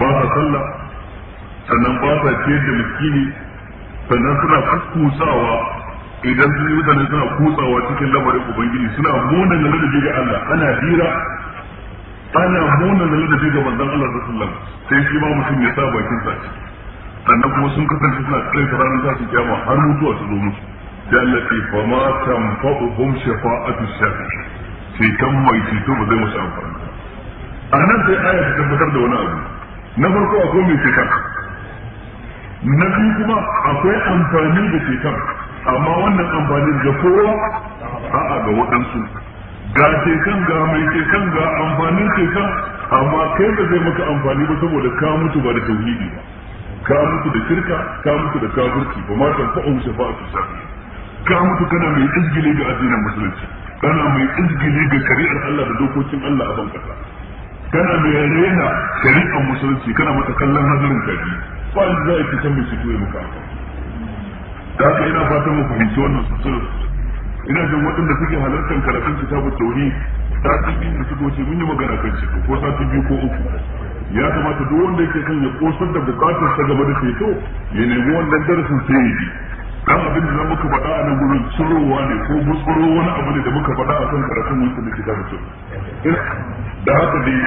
بعد صلى sannan ba sa ciyar da miskini sannan suna kusawa idan sun yi mutane suna kusawa cikin lamarin ubangiji suna muna na ladabi ga Allah ana hira ana muna na ladabi ga manzon Allah sallallahu sai shi ma mutum ya sa bakin sa sannan kuma sun kasance suna kai ranar za su kiyama har mutuwa su zo musu dallati fa ma tanfa'uhum shafa'atu shafi'i ceton mai ceto ba zai musu amfani a nan sai aya ta tabbatar da wani abu na farko akwai mai ceton na biyu kuma akwai amfani da amma wannan ga kowa a'a ga waɗansu ga ceton ga mai ceton ga amfanin ceton amma kai ba zai maka amfani ba saboda ka mutu ba da tauhidi ba ka mutu da shirka ka mutu da kafirci ba ma tanfa'uhum shafa'atu ka mutu kana mai izgile ga addinin musulunci kana mai izgile ga shari'ar Allah da dokokin Allah a bankasa kana mai rena shari'ar musulunci kana mata kallon hadarin kaji ba za a ci can mai shi tuwe muka da ka ina fatan mu fahimci wannan sosai ina jin waɗanda suke halartar karatun kitabun ta sati biyu da su wuce mun yi magana kan shi ko sati biyu ko uku ya kamata duk wanda yake kan ya kosar da bukatar sa gaba da ceto ya nemi wannan darasin sai ya kan abin da muka faɗa a nan gurin tsirowa ne ko gutsuro wani abu ne da muka faɗa a kan karatun mutum da kitabu mutum da haka dai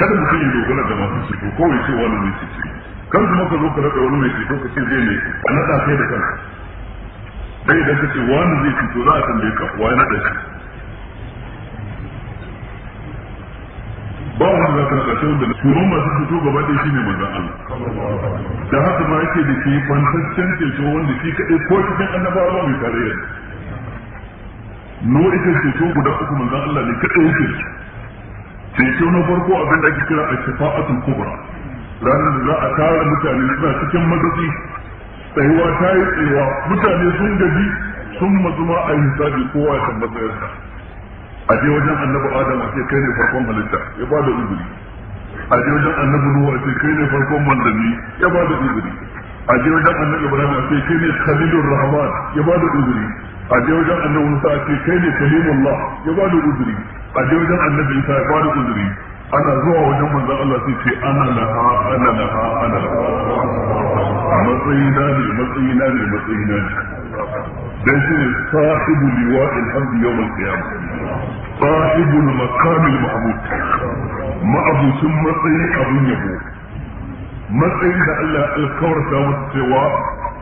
kada mutum ya dogara da masu ko kawai ce wani mai ceto kan kuma ka zo ka raɗa wani mai ceto ka ce zai ne a naɗa kai da kanka dai idan ka ce wani zai ceto za a tambaye ka wani naɗa shi ba wanda za ka naɗa sai wanda shugaban masu fito gaba ɗaya shine manzon Allah da haka ma yake da ke kwantaccen ceto wanda shi kaɗai ko cikin annabawa ba mai tarayyar nau'ikan ceto guda uku manzon Allah ne kaɗai yake da ceto na farko abin da ake kira a shafa'atul kubra ranar da za a tara mutane suna cikin mazafi tsayuwa ta yi tsayuwa mutane sun gaji sun mazuma a hisabi kowa ya tabbatar a je wajen annabi adam a ce kai ne farkon halitta ya ba da uzuri a je wajen annabi nuhu a ce kai ne farkon manzanni ya ba da uzuri a je wajen annabi ibrahim a ce kai ne khalilur rahman ya ba da uzuri a je wajen annabi musa a ce kai ne kalimullah ya ba da uzuri a je wajen annabi isa ya ba da uzuri ana zuwa wajen manzon Allah sai ce ana laha ana laha ana laha matsayi na ne matsayi na ne matsayi na ne ده صاحب لواء الحمد يوم القيامة صاحب المقام المحمود ما أبو ثم طيق أبو يبو ما سيد إلا الكورة والسواء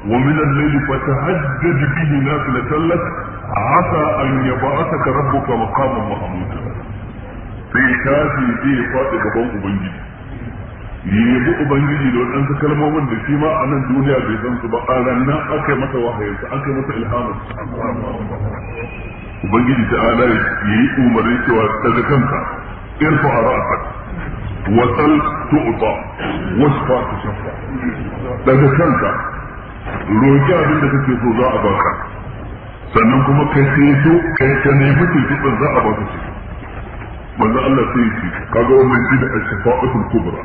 ومن الليل فتهجد به نافلة لك عسى أن يبعثك ربك مقاما محمودا في كافي فيه صاحب أبو بنجي ne yabi ubangiji da waɗansu kalmomin da shi ma a nan duniya bai san su ba a ranar aka yi masa wahayinsa aka yi masa ilhamin ubangiji ta ala ya yi umarni cewa daga kanka irfa a ra'atak wasal tu'ta wasfa tushaffa daga kanka roki abin da kake so za a baka sannan kuma kai sai so kai ka nemi tuntuɓin za a baka shi manzo Allah sai ya ce kaga wannan shi da ashfa'atul kubra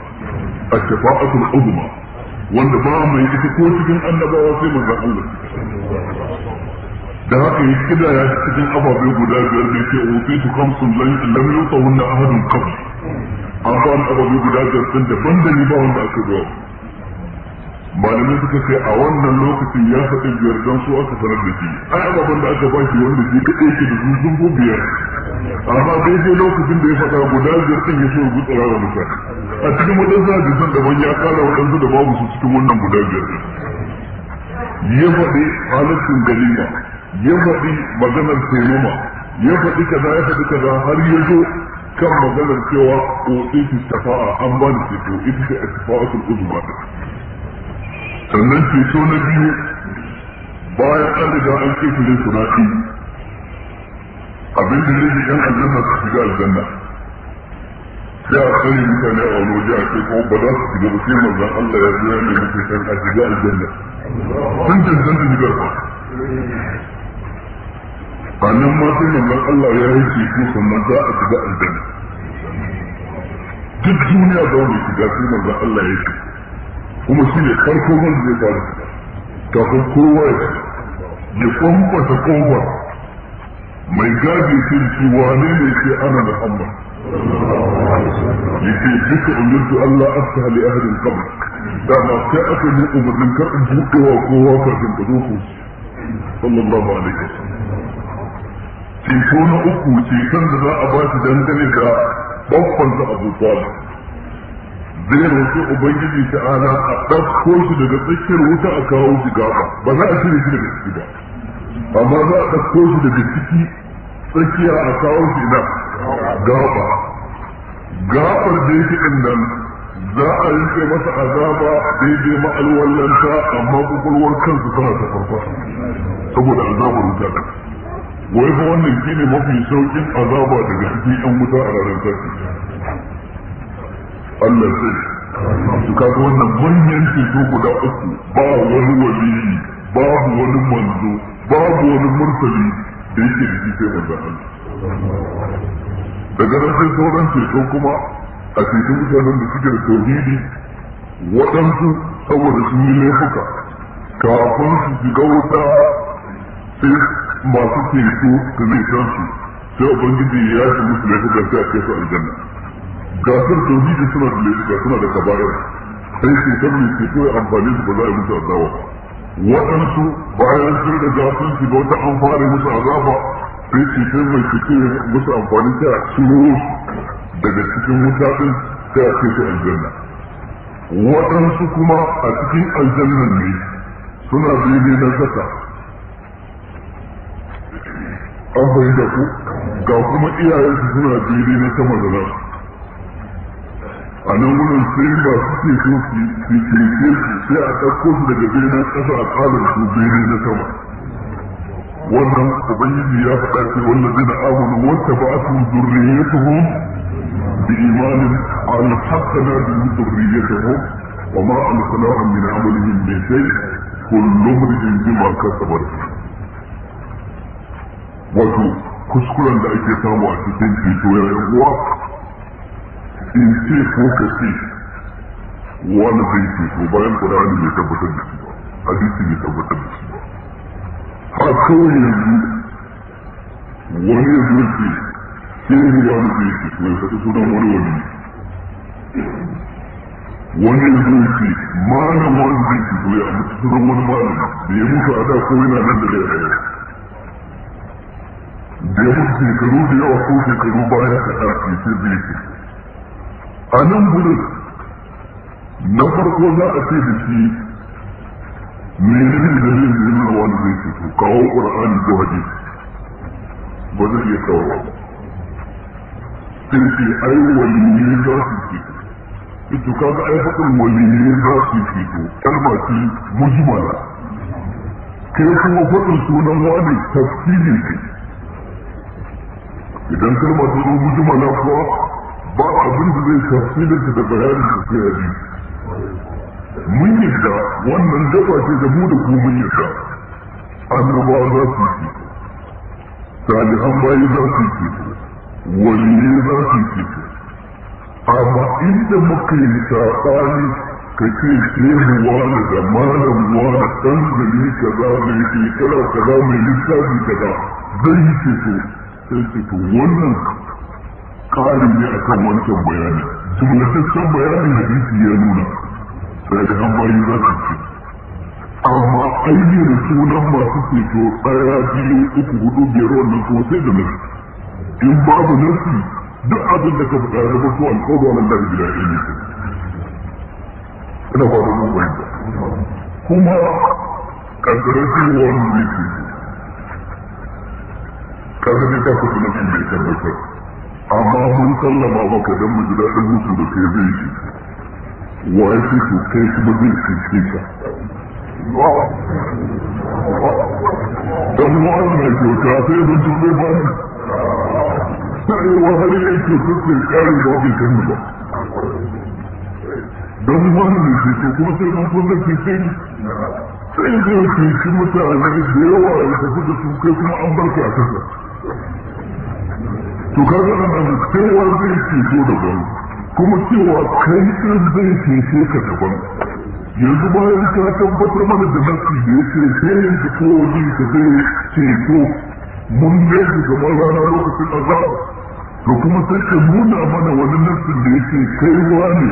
ashfa'atul uzma wanda ba mai ita ko cikin annabawa sai manzo Allah da haka yi kida ya cikin ababe guda biyar da yake utitu khamsun lam yutawunna ahadun qabl an ba ababe guda biyar sun da ban da ni ba wanda aka zo malamai suka ce a wannan lokacin ya faɗi biyar don su aka sanar da shi ai ababen da aka bashi wanda shi kaɗai ke da su sun biyar amma sai lokacin da ya faɗa guda biyar ɗin ya so ya gutsara wa mutane a cikin waɗansu hadisan daban ya ƙara waɗansu da babu su cikin wannan guda biyar ɗin ya faɗi halittun galima ya faɗi maganar taimama ya faɗi kaza ya faɗi kaza har ya zo kan maganar cewa ko ita tafa'a an ba da ceto ita ce a uzuma uzma sannan ceto na biyu bayan an riga an ce kule su rafi abin da zai yan aljanna su shiga aljanna sai a sani mutane a wani waje a ce ko ba za su shiga ba sai manzan Allah ya zo ya ne mutu kan a shiga aljanna sun cancanta shigar ba A nan ma sai manzan Allah ya yi ceto sannan za a shiga aljanna duk duniya da wani shiga sai manzan Allah ya yi kuma shi ne farko wanda zai faru kafin kowa ya Ya kwamfata kofa mai gaji ce shi wane ne ke ana muhammad yake duka umirtu allah afta li ahadin qabl da ma sai aka yi umarnin kar in buɗewa wa kowa kafin ka zo ku sallallahu alaihi wasallam ceto na uku ceton da za a ba shi dangane ga babban da abu talib zai roƙi ubangiji ta ana a ɗauko shi daga tsakiyar wuta a kawo shi gaba ba za a cire shi daga ciki ba amma za a ɗauko shi daga ciki tsakiya a kawo shi na gaba gabar da yake ɗin nan za a rike masa azaba daidai lanta amma kwakwalwar kansu tana ta farfasa saboda azabar wuta ɗin wai fa wannan shine mafi saukin azaba daga cikin yan wuta a ranar sarki Allah sai su kaga wannan manyan ceto guda uku ba wani waliyi ba wani manzo ba wani murtali da yake da kike wanda Allah daga nan sai sauran ceto kuma a cikin mutanen da suke da tauhidi waɗansu saboda sun yi laifuka kafin su shiga wuta sai masu ceto su zai san su sai ubangiji ya shi musu laifuka sai a kai su aljanna ga sun tauhidi suna da ga suna da kaba'ir sai su ta mai ke koyi amfani su ba za a yi musu azaba waɗansu bayan sun da gafin su ba wata an fara musu azaba sai su ta mai ke koyi musu amfani ta a ciro daga cikin wuta ɗin ta a kai su aljanna waɗansu kuma a cikin aljannan ne suna daidai na zata an fahimta ku ga kuma iyayensu suna daidai na sama da nasu a nan wurin sai ba ke so su yi kirke su sai a ɗauko su daga birnin ƙasa a ƙalar su birni na sama wannan ubangiji ya faɗa ce wannan zai da amonu wata ba su a su zurriyatuhum bi imanin an hakkana da zurriyatuhum wa ma an sana'an min amalihim bi shay kullum rijin bima kasabar wato kuskuren da ake samu a cikin ceto ya uwa in ce ko ce wani zai ce ko bayan ƙur'ani bai tabbatar da shi ba hadisi bai tabbatar da shi ba har kawai yanzu wani ya zo ce sai wani wani zai ce wani wani wani ya zo ce malam wani zai ce ko ya mutu wani malam da ya mutu a da ko yana nan da rai a yau da ya mutu shekaru da yawa ko shekaru baya ka sai zai ce a nan gudun na farko za a ce da shi mai ne da zai zina wani zai ce to kawo ƙur'ani ko hadisi ba zai iya kawo ba sai ce ai waliyi za su ce ito kaga ai faɗin waliyi za su ce to kalma ce mujmala kai kuma faɗin sunan wani tafsirin ce idan kalma ta zo mujmala kuwa ba abin da zai shafi da da bayanin da ke yaji mun yadda wannan gaba ce da mu da ku mun yadda annabawa za su yi an bayi za su yi Wani ne za su yi amma inda muka yi saɓani ka ce shehu wani da malam wani ɗan gari kaza mai shekara kaza mai littafi kaza zai yi ceto sai ce to wannan ƙarin ne kan wancan bayani jumlataccen bayanin hadisi ya nuna sai da hambari za su ce amma ainihin sunan masu ceto ɗaya biyu uku hudu biyar wannan kuma sai da nasu in babu nasu duk abin da ka faɗa ya zama su alƙawar wannan da gida ne ina ba da mun fahimta kuma ƙanƙarar cewa wani ne ke ta kusa na bai tabbatar amma mun sallama maka dan mutu da kai zai shi wa ya fi su kai shi ba zai shi shi ka dan mu na kyauta sai da su zai ba ni sai wa wahali ya ce su sai ba bai kan ba dan mu an na kyauta kuma sai na kun ke sai sai zai shi mutane da yawa ya su da su kai kuma an barka a kasa to kaga nan nan da wa zai da ban kuma cewa kai ɗin zai ce ka da ban yanzu bayan ka tabbatar mana da nasu da ya ce sai yanzu wani ka zai to mun yanzu kamar rana lokacin azaba to kuma sai ka nuna mana wani nasu da ya ce kaiwa ne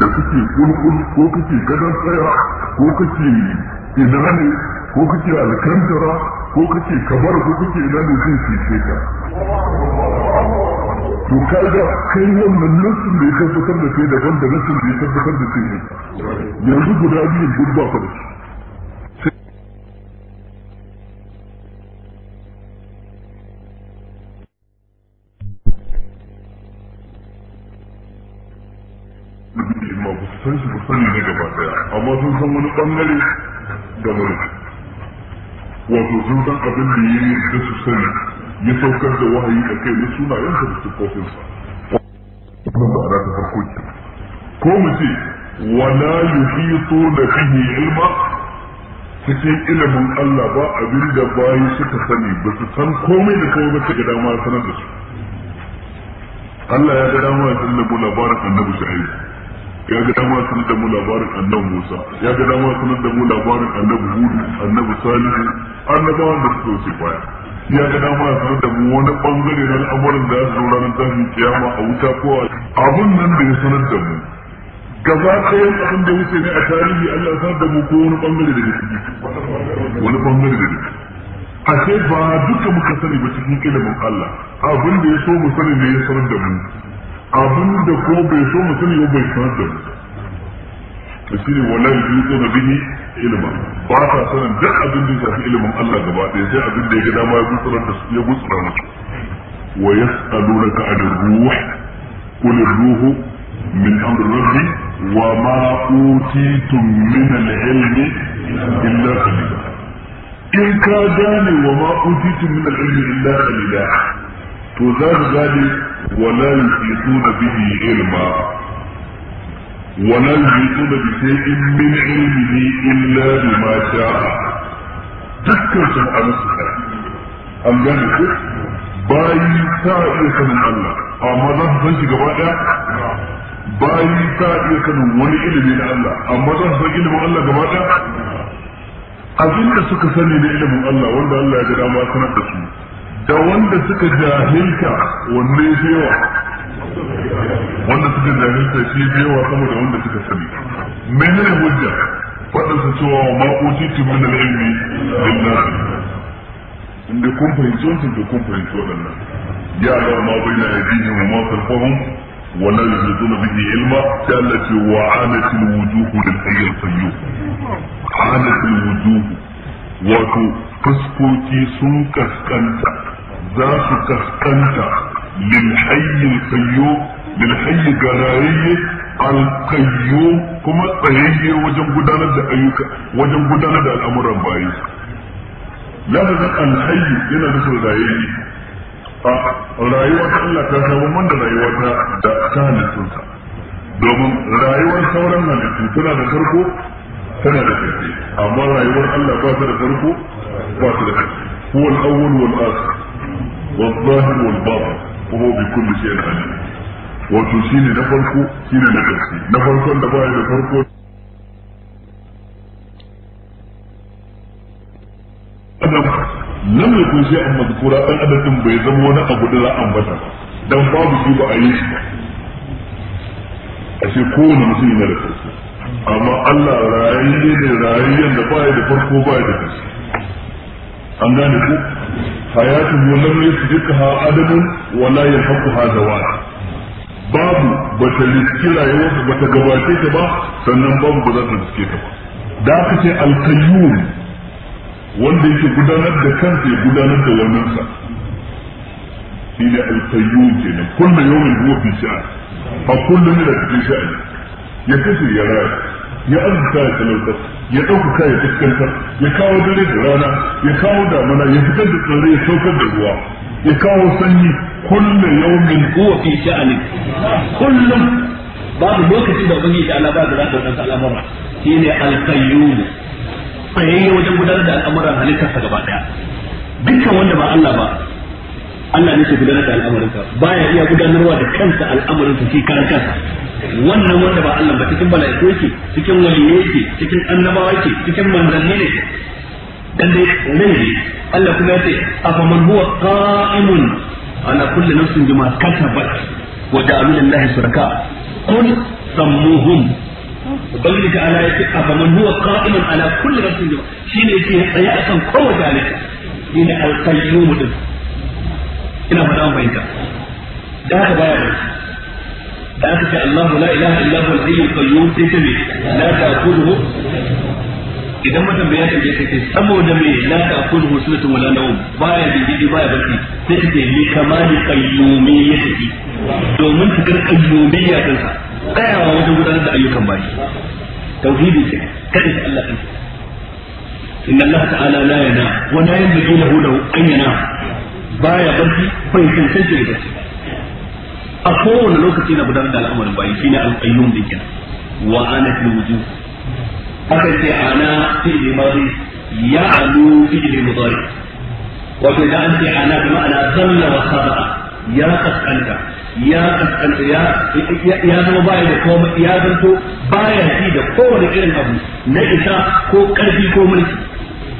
da kake kulkul ko kake gadon tsaya ko kake ina ne ko kake alkantara ko kake kabar ko kake ina ne zai ce ka to kaga kai wannan nassin da ya tabbatar da kai daban da nassin da ya tabbatar da kai yanzu guda biyun duk ba ka da su san su sani ne gaba daya amma sun san wani bangare da wani wato sun san abin da ya yi da su sani ya saukar da wahayi da kai na sunayensa da sifofinsa wannan ma'ana ta farko ke ko mu ce wala yuhituna bihi ilma cikin ilimin Allah ba abin da bayi suka sani ba su san komai da kai ba ta ga dama sanar da su Allah ya ga dama ya da mu labarin annabi Shu'aib ya ga dama sanar da mu labarin annabi Musa ya ga dama sanar da mu labarin annabi Hudu annabi Salihu annabawan da suka wuce baya ya ga dama su da mu wani bangare na al'amuran da su ranar tashin kiyama a wuta ko a abun nan da ya sanar da mu gaba ɗayan abin da wuce ne a tarihi Allah ya sanar da mu ko wani bangare da ciki wani bangare da ciki a sai ba duka muka sani ba cikin ilimin Allah abin da ya so mu sani ne ya sanar da mu abin da ko bai so mu sani ba bai sanar da mu da shi ne wala yuzu na bini ilma ba sa sanin duk abin da ya shafi ilimin Allah gaba ɗaya sai abin da ya ga dama ya gutsurar da su ya gutsurar musu wa yas'alunaka anir ruh qul ruhu min amri rabbi wa ma utitum min al-ilmi illa qalila in ka gane wa ma utitum min al-ilmi illa qalila to za ka gane wala yuzu na bini ilma ولا يحيطون بشيء من علمه إلا بما شاء dukkan sun amince kai an gane ku bayi ta iya sanin Allah amma za su san shi gaba bayi ta iya sanin wani ilimi na Allah amma san Allah da suka sani na ilimin Allah wanda Allah ya ga dama sanar da su da wanda suka jahilta wanne yawa wanda suka jahilta shi da yawa sama da wanda suka sani menene hujja waɗansu cewa wa maƙoci timin al'ilmi lillahi inda kun fahimci wancan da kun fahimci waɗannan ya ga ma bai na yadini wa ma kalfahun wa la yuhituna bihi ilma ta allati wa anatil wujuhu lil ayyil qayyum anatil wujuhu wato fuskoki sun kaskanta za su kaskanta lil hayyil qayyum lil hayyi garayyi al kuma tsayayye wajen gudanar da ayyuka wajen gudanar da al'amuran bayi lafazin al hayyi yana da rayayye a rayuwa ta Allah ta samu man ta domin rayuwar sauran halittu tana da farko tana da ƙarfi amma rayuwar Allah ba ta da farko ba ta da ƙarfi huwa al-awwal wal akhir wal zahir wal batin kuma وهو بكل شيء عليم wato shine na farko shine na ƙarshe na farkon da baya da farko Nan lam yakun shi amma zikura dan adadin bai zama wani abu da za a ambata dan babu shi a yi shi ba ashe kowane mutum yana da farko amma Allah rayi ne da rayiyan da baya da farko baya da ƙarshe an gane ku hayatu hayatuhu lam yasbiqha adam wa la yahaqquha dawat babu bata riski ba bata gabace ta ba sannan babu ba za ta liske ta ba da aka ce alkayyum wanda yake gudanar da kansa ya gudanar da wannansa shi ne alkayyum ke nan kullum yawon huwa fi sha'a a kullum yana cikin sha'ani ya kashe ya raya ya arzuta ya talautar ya ɗaukaka ya fuskantar ya kawo dare da rana ya kawo damuna ya fitar da tsirrai ya saukar da ruwa ya kawo sanyi kullum yawmin huwa fi sha'ani kullum babu lokaci da ubangiji Allah ba da za ka wadansa al'amura shine al-qayyum tsayayye wajen gudanar da al'amuran halittarsa gaba daya dukkan wanda ba Allah ba Allah ne ke gudanar da al'amarinsa baya iya gudanarwa da kansa al'amarinsa shi karkar wannan wanda ba Allah ba cikin bala'iku yake cikin waliyai yake cikin annabawa yake cikin manzanni ne dan dai ne Allah kuma yace afa man huwa qa'imun ala kulli nafsin bima kasabat wa ja'alu lillahi shuraka qul sammuhum ubangiji ta ala yace afa man huwa qa'imun ala kulli nafsin bima shine yake tsaye akan kowace halitta shine al-qayyum din ina fada an bayyana da haka baya da aka ce Allah la ilaha illa huwa al-hayy qayyum sai ce la ta'khudhuhu idan mutum bai yaka sai ce saboda me la ta'khudhuhu sunatun wala nawm baya bigidi baya barci sai ce li kamali qayyumiyyati domin cikar qayyumiyya ya sa tsayawa wajen gudanar da ayyukan bayi tauhidi ce kada shi Allah din inna Allah ta'ala la yana wa la yanbaghi lahu an yana baya barci bai cancanta da barci a kowane lokaci na gudanar da al'amarin bayi shine al-qayyum da kenan wa ana fil wujuh aka ce ana fi'li madi ya'lu fi'li mudari wato da an ce ana bi ma'ana zalla wa saba'a ya kaskanta ya kaskanta ya ya zama baya da komai ya zanto baya ji da kowane irin abu na isa ko karfi ko mulki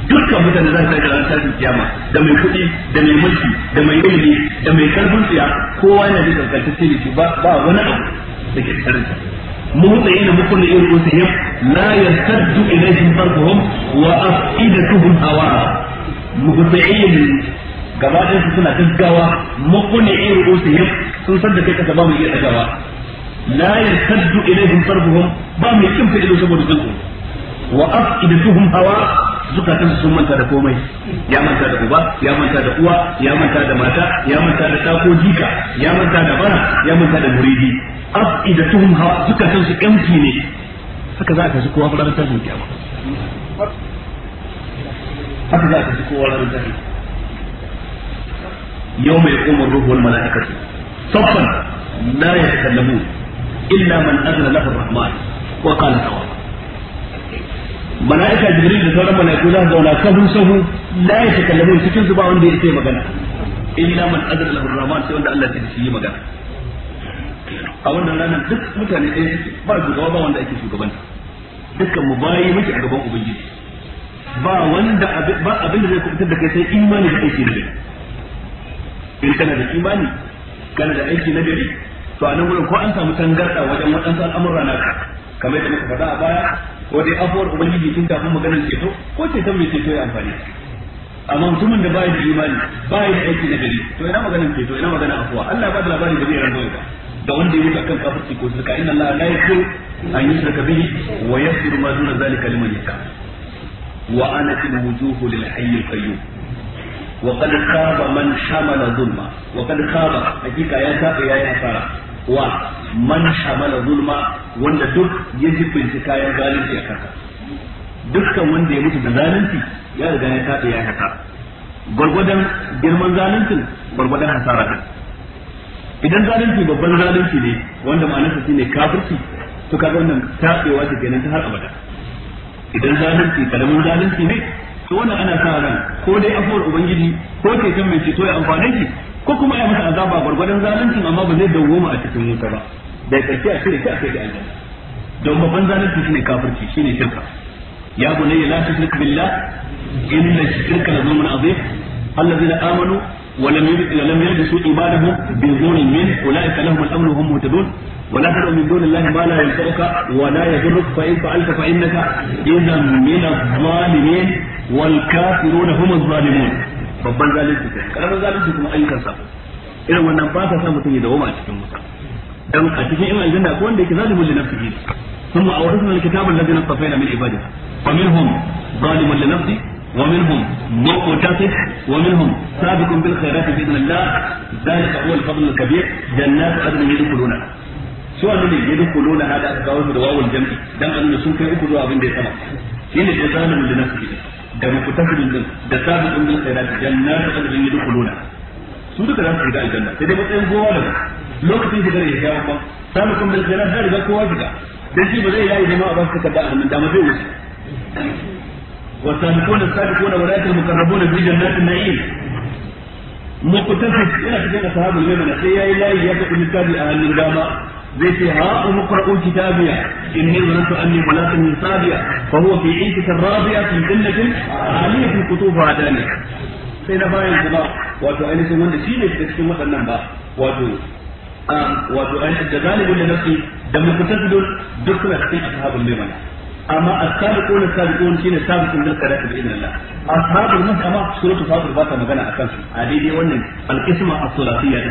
dukkan mutane za su tafi ranar tashin kiyama da mai kuɗi da mai mulki da mai ilimi da mai karfin tsiya kowa yana da kankantacce ne shi ba wani abu da ke tsarinta مهطعين بكل رؤوسهم wa يرتد اليهم طرفهم وافئدتهم هواء gaba gabaɗin su suna gaggawa makone irin rusihim sun san da kai kasa ba mu iya gaggawa la yartaddu ilaihim farquhum ba mu kin fi ido saboda jinku wa afidatuhum hawa zukatan sun manta da komai ya manta da uba ya manta da uwa ya manta da mata ya manta da tako jika ya manta da bara ya manta da muridi afidatuhum ha zukatan su empty ne haka za ka ji kowa ranar tashin ba haka za ka ji kowa ranar tashin yau mai ruhu wal mala'ikatu saffan la yatakallamu illa man azna lahu rahman wa qala tawakkaltu mala'ika jibril da sauran mala'iku za su zauna sahun sahu la ya takallamu cikin su ba wanda ya ce magana illa man azza lahu rahman sai wanda Allah ya ce yi magana a wannan ranar duk mutane ɗaya suke ba shugaba ba wanda ake shugabanta dukkan mu bayi muke a gaban ubangiji ba wanda ba abin da zai kubutar da kai sai imani da aiki na gari in kana da imani kana da aiki na gari to a nan gurin ko an samu tangarɗa wajen waɗansu al'amurra naka kamar yadda muka faɗa a baya ko dai afuwar ubangiji tun kafin maganar ceto ko ce san mai ceto ya amfani amma mutumin da baya da imani baya da aiki na gari to ina maganar ceto ina maganar afuwa Allah ba da labarin da zai rantsa ba da wanda ya mutu akan kafirci ko shirka inna Allah la yaghfiru an yushraka bihi wa yaghfiru ma duna zalika liman yasha wa anat al-wujuh lil hayy al-qayyum wa qad khaba man hamala dhulma wa qad khaba hakika ya tafi ya yi asara wa man hamala zulma wanda duk ya jibinci kayan zalunci a kanka dukkan wanda ya mutu da zalunci ya riga ya kada ya haka gwargwadon girman zaluncin gwargwadon hasara kan idan zalunci babban zalunci ne wanda ma'anarsa shine kafirci to kaga wannan tafewa ce kenan ta har abada idan zalunci karamin zalunci ne to wannan ana sa ran ko dai afuwar ubangiji ko ke kan mai ceto ya amfane shi ko kuma ya masa azaba gwargwadon zalunci amma ba zai dawwama a cikin wuta ba da karshe a shirya kai da aljanna don babban zalunci shine kafirci shine shirka ya bunayya la tushrik billah inna shirka la zulmun azim alladhina amanu ولم ولم يلبسوا ايمانهم بظلم من اولئك لهم الامن وهم مهتدون ولا تدع من دون الله ما لا ينفعك ولا يضرك فان فعلت فانك اذا من الظالمين والكافرون هم الظالمون babban zalunci kai karamin zalunci kuma ayyukan sa irin wannan ba sa sa mutum ya dawoma a cikin wuta dan a cikin in aljanna ko wanda yake zalimin li nafsihi ثم أورثنا الكتاب الذين اصطفينا من عباده فمنهم ظالم لنفسه ومنهم مقتصد ومنهم سابق بالخيرات بإذن الله ذلك هو الفضل الكبير جنات عدن يدخلونها su wanda ne yadda kulo na hada kawo su da wawul jam'i dan annabi sun kai abin da ya da mukutafirin din da sabu din din da jannatu adrin yadkhuluna su duka za su shiga aljanna sai dai matsayin kowa da lokacin shigar ya shiga ba samu kun da jannat da riga kowa shiga dan shi ba zai yayi jama'a ba su kada a hannun dama zai wuce wa sabiqun as-sabiqun wa ra'atul muqarrabun fi jannatin na'im mukutafirin ina cikin ne mana sai yayi layi ya tafi misali a hannun dama zai ce ha umu qara'u kitabiya inni zanantu anni mulaqin hisabiya fa huwa fi 'ishatin radiyatin jannatin 'aliyatin qutufuha daniya sai na bayan kuma wato ainihin wanda shi ne cikin waɗannan ba wato wato da zalibin da nafsi da mutasadidun don suna cikin ashabul maimana amma as-sabiqun as-sabiqun shine sabiqun bil qadati bi idnillah ashabul mas'ama suratu fatir ba ta magana akan a daidai wannan al-qisma as-sulasiyya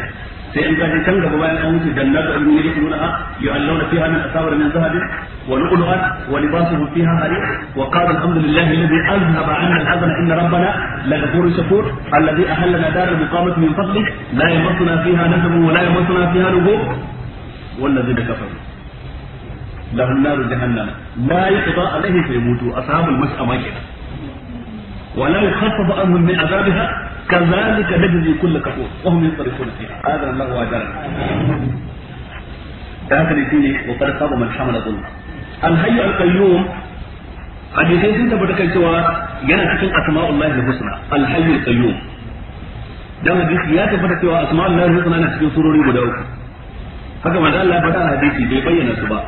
sai in kaje can gaba bayan an wuce jannatu ilmi ne kuma na yu'allawna fiha min asawir min zahabin wa lu'lu'an wa libasuhum fiha harir wa qala alhamdulillahi alladhi azhaba 'anna al-hazana inna rabbana laghafurun shakur alladhi ahallana dar al-muqamati min fadlihi la yamassuna fiha nasab wa la yamassuna fiha lughub والذين كفروا لهم نار جهنم لا يقضى عليه فيموتوا اصحاب المشأمه ولا يخفف عنهم من عذابها كذلك نجزي كل كفور وهم ينصرفون فيها هذا الله اجرا sun tabbata cewa yana cikin asma'ullahi husna alhayyu alqayyum dan hadisi ya tabbata cewa asma'ullahi husna na cikin surori guda uku haka manzo Allah ya faɗa hadisi bai bayyana su ba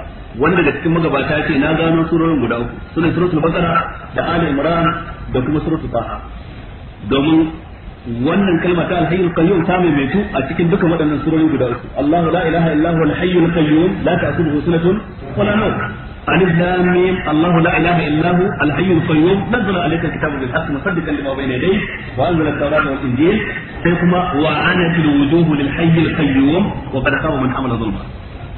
wanda daga cikin magabata ce na gano surorin guda uku sune suratul baqara da ali imran da kuma suratul taha domin wannan kalma ta alhayyul qayyum ta mai baitu a cikin duka waɗannan surori guda uku Allahu la ilaha illa huwa alhayyul qayyum la ta'khudhuhu sinatun nawm alif lam mim Allahu la ilaha illa huwa alhayyul qayyum nazzala alayka alkitaba bil haqqi musaddiqan lima bayna yadayhi wa anzala at-taurata wal injil sai kuma wa anatil wujuhu lil hayyil qayyum wa qad khaba man amala dhulma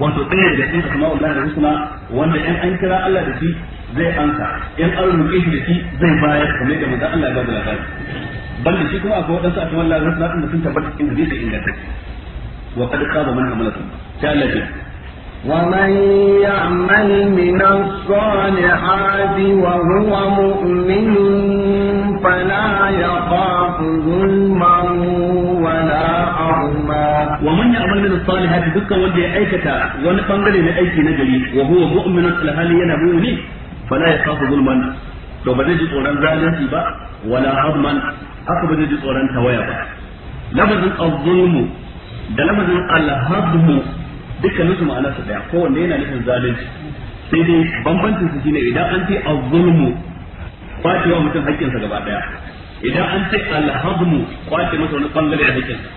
wato cikin asma'ullahi da husna wanda in an kira Allah da shi zai ansa in an roƙe shi da shi zai bayar kamar da manzon Allah ya ba da bal da shi kuma akwai waɗansu a cikin Allah na sunan mutum tabbata cikin gudu sai inganta wa kad qaba man hamala sun sai Allah wa man ya'mal min as-salihati wa huwa mu'min fala yaqafu zulman wa la ahma wa man ya'mal min as-salihati dukkan wanda ya aikata wani bangare na aiki na gari wa huwa mu'min as-salihati yana mu'min fala yaqafu zulman to ba zai ji tsoron zalunci ba wala azman haka ba zai ji tsoron tawaya ba lafazin az-zulmu da lafazin al-hadmu dukkanin su ma'ana su daya kowanne yana nufin zalunci sai dai bambancin su shine idan an ce az-zulmu kwace wa mutum haƙƙinsa gaba daya idan an ce al-hadmu kwace masa wani bangare da haƙƙinsa